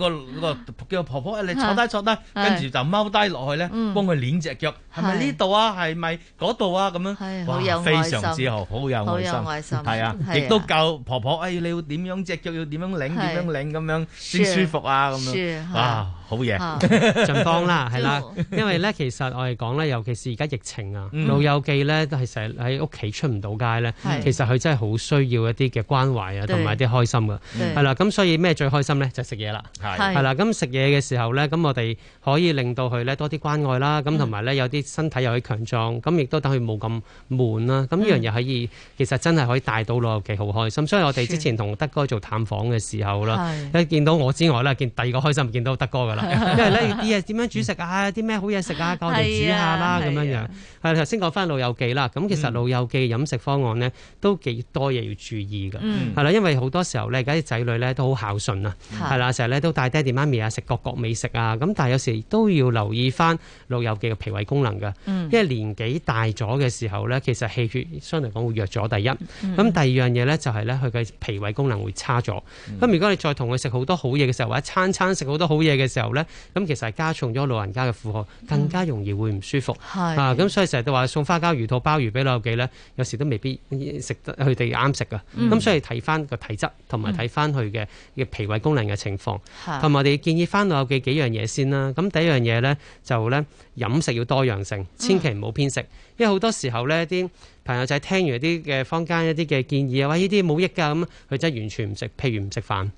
個個叫婆婆，你坐低坐低，跟住就踎低落去咧，幫佢攆隻腳，係咪呢度啊？係咪嗰度啊？咁樣，非常之好，好有愛心，係啊，亦都教婆婆，哎，你要點樣隻腳，要點樣攆，點樣攆，咁樣先舒服啊？咁樣啊。好嘢，俊芳啦，係啦，因為咧，其實我哋講咧，尤其是而家疫情啊，老友記咧都係成日喺屋企出唔到街咧，其實佢真係好需要一啲嘅關懷啊，同埋啲開心噶，係啦，咁所以咩最開心咧？就食嘢啦，係啦，咁食嘢嘅時候咧，咁我哋可以令到佢咧多啲關愛啦，咁同埋咧有啲身體又可以強壯，咁亦都等佢冇咁悶啦，咁呢樣嘢可以，其實真係可以帶到老友記好開心。所以我哋之前同德哥做探訪嘅時候啦，一見到我之外咧，見第二個開心見到德哥噶啦。 因為咧啲嘢點樣煮食啊，啲、嗯、咩好嘢食啊，教佢煮一下啦咁樣樣。係啦，頭先講翻《老友記》啦、嗯。咁其實《老友記》飲食方案咧都幾多嘢要注意嘅。係、嗯、啦、啊，因為好多時候咧，而家啲仔女咧都好孝順啊。係啦，成日咧都帶爹哋媽咪啊食各國美食啊。咁但係有時候都要留意翻《老友記》嘅脾胃功能嘅、嗯。因為年紀大咗嘅時候咧，其實氣血相對講會弱咗。第一，咁、嗯、第二樣嘢咧就係咧佢嘅脾胃功能會差咗。咁、嗯、如果你再同佢食好多好嘢嘅時候，或者餐餐食好多好嘢嘅時候，咧，咁其實係加重咗老人家嘅負荷，更加容易會唔舒服。嗯、啊，咁所以成日都話送花膠、魚肚、鮑魚俾老友記咧，有時都未必食得他們的，佢哋啱食㗎。咁所以睇翻個體質，同埋睇翻佢嘅嘅脾胃功能嘅情況，同、嗯、埋我哋建議翻老友記幾樣嘢先啦。咁第一樣嘢咧就咧飲食要多樣性，千祈唔好偏食。嗯、因為好多時候咧啲朋友仔聽完啲嘅坊間一啲嘅建議啊，話呢啲冇益㗎咁，佢真係完全唔食，譬如唔食飯。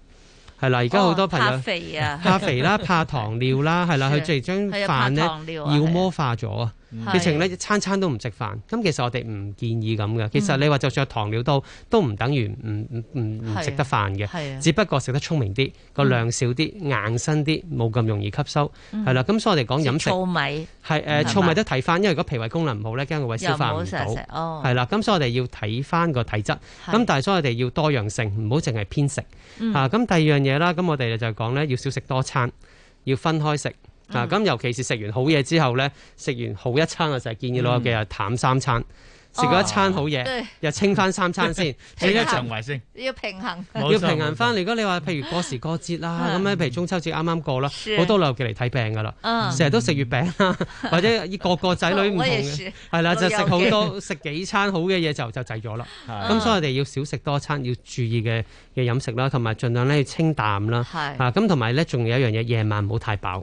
係啦，而家好多朋友、哦怕，肥啊、 怕肥啊，怕肥啦、啊， 怕糖尿啦、啊，係啦，佢直將飯呢妖魔化咗啊。疫情咧，餐餐都唔食飯。咁其實我哋唔建議咁嘅。其實你話就算有糖尿都都唔等於唔唔唔食得飯嘅。係啊，只不過食得聰明啲，個量少啲，硬身啲，冇咁容易吸收。係啦，咁所以我哋講飲食。糙米係誒，糙米都睇翻，因為如果脾胃功能唔好咧，驚個胃消化唔到。又唔好成日食哦。係啦，咁所以我哋要睇翻個體質。咁但係所以我哋要多樣性，唔好淨係偏食嚇。咁第二樣嘢啦，咁我哋就係講咧，要少食多餐，要分開食。嗱、嗯，咁、啊、尤其是食完好嘢之後咧，食完好一餐啊，就係建議老友記啊，淡三餐食咗、嗯、一餐好嘢、哦，又清翻三餐先，起一腸胃先，要平衡，呵呵要平衡翻。如果你話譬如過時過節啦，咁、嗯、樣，譬如中秋節啱啱過啦，好多老友記嚟睇病噶啦，成、嗯、日都食月餅啦、嗯，或者依個個仔女唔、嗯、同嘅係啦，就食好多食幾餐好嘅嘢就就滯咗啦。咁、嗯嗯、所以我哋要少食多餐，要注意嘅嘅飲食啦，同埋盡量咧要清淡啦。咁同埋咧仲有一樣嘢，夜晚唔好太飽。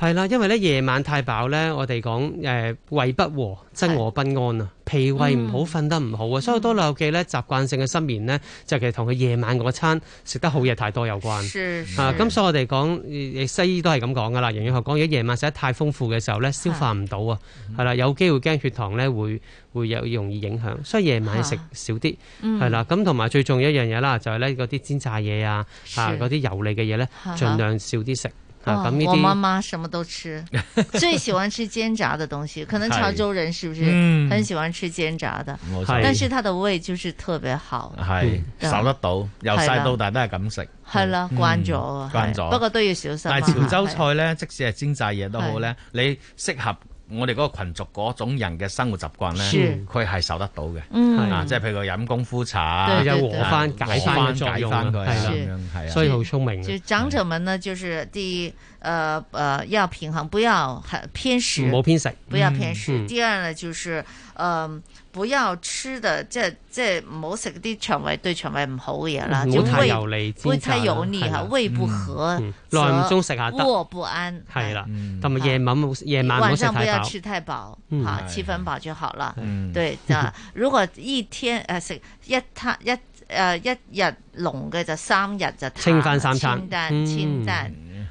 係啦，因為咧夜晚太飽咧，我哋講誒胃不和，則臥不安啊，脾胃唔好，瞓、嗯、得唔好啊、嗯，所以多留意咧習慣性嘅失眠咧，就其實同佢夜晚嗰餐食得好嘢太多有關。是是啊，咁、嗯、所以我哋講西醫都係咁講噶啦，營養學講，如果夜晚食得太豐富嘅時候咧，消化唔到啊，係啦，有機會驚血糖咧會會有容易影響，所以夜晚食少啲係啦。咁同埋最重要一樣嘢啦，就係咧嗰啲煎炸嘢啊，嗰啲、啊、油膩嘅嘢咧，盡量少啲食。哦、我媽媽什麼都吃， 最喜歡吃煎炸的東西。可能潮州人是不是很喜歡吃煎炸的？是，但是它的胃就是特別好，係受得到。由細到大都係咁食，係啦慣咗，慣咗。不、嗯、過都要小心。但係潮州菜呢， 即使係煎炸嘢都好呢，你適合。我哋嗰個群族嗰種人嘅生活習慣咧，佢係受得到嘅。嗱，即、啊、係譬如佢飲功夫茶，都、啊、和翻解翻解翻佢，係啊，所以好聰明嘅。就長者們呢，就係第呃呃要平衡，不要偏食。偏食，不要偏食。嗯嗯、第二呢，就是、呃、不要吃的，即即係唔好食啲腸胃對腸胃唔好嘅嘢啦。太油膩，不太油膩吓、啊，胃不和，耐、嗯、唔、嗯、中食下臥不安。係啦、啊，同埋夜晚夜、啊、晚上不要吃太飽，好、嗯啊、七分飽就好啦、啊。對，是啊嗯、如果一天誒食、呃、一餐一誒、呃、一日濃嘅就三日就清翻三餐，清淡清淡。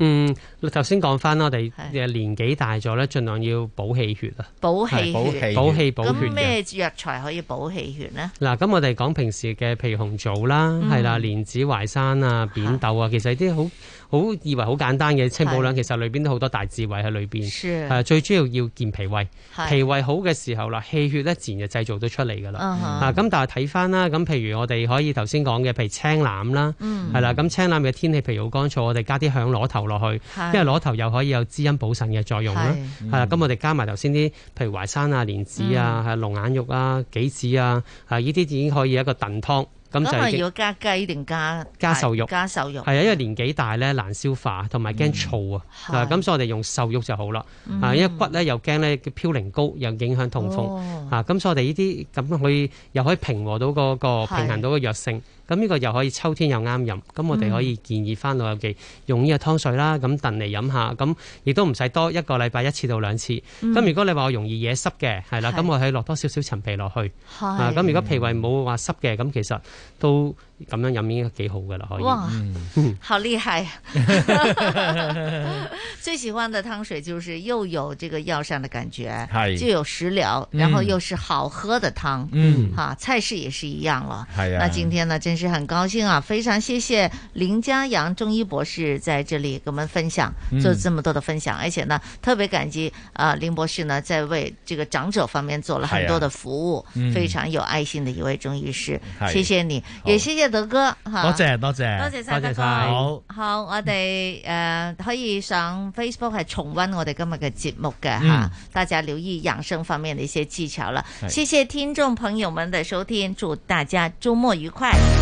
嗯，才我頭先講翻啦，我哋嘅年紀大咗咧，儘量要補氣血啊！補氣血，補氣補血。咁咩藥材可以補氣血呢嗱？咁、啊、我哋講平時嘅，譬如紅棗啦，係啦，蓮子、淮山啊、扁豆啊，其實啲好好以為好簡單嘅清補涼，其實裏邊都好多大智慧喺裏邊。係、啊、最主要要健脾胃，脾胃好嘅時候啦，氣血咧自然就製造得出嚟噶啦。咁、嗯啊、但係睇翻啦，咁譬如我哋可以頭先講嘅，譬如青欖、嗯、啦，係啦，咁青欖嘅天氣譬如好乾燥，我哋加啲響螺頭。落去，因為螺頭又可以有滋陰補腎嘅作用啦。係、嗯、啦，咁我哋加埋頭先啲，譬如淮山啊、蓮子啊、龍、嗯、眼肉啊、杞子啊，啊呢啲已經可以一個燉湯。咁、嗯、就係要加雞定加加瘦肉？加，加瘦肉係啊，因為年紀大咧難消化，同埋驚燥啊。吓、嗯、咁，所以我哋用瘦肉就好啦。吓、嗯，因為骨咧又驚咧叫嘌呤高，又影響痛風。吓、哦、咁、啊、所以我哋呢啲咁可以又可以平和到、那個、那個平衡到個藥性。咁呢個又可以秋天又啱飲，咁我哋可以建議返老友記用呢個湯水啦，咁燉嚟飲下，咁亦都唔使多一個禮拜一次到兩次。咁、嗯、如果你話我容易嘢濕嘅，係啦，咁我係落多少少陳皮落去，咁、啊、如果脾胃冇話濕嘅，咁其實都咁樣飲已經幾好噶啦，可以。哇，嗯嗯、好厲害！ 最喜歡的湯水就是又有這個藥膳的感覺，係就有食療、嗯，然後又是好喝的湯，嗯，啊、菜式也是一樣啦、啊。係啊，那今天呢真是很高興啊！非常謝謝林家揚中醫博士在這裏給我們分享、嗯，做這麼多的分享，而且呢，特別感激啊、呃、林博士呢，在為這個長者方面做了很多的服務，哎嗯、非常有愛心的一位中醫師。哎、謝謝你也謝謝德哥哈！多謝多謝多謝晒德哥，好，好，我哋誒可以上 Facebook 係重温我哋今日嘅節目嘅吓、嗯，大家留意養生方面的一些技巧了、哎。謝謝聽眾朋友們的收聽，祝大家周末愉快！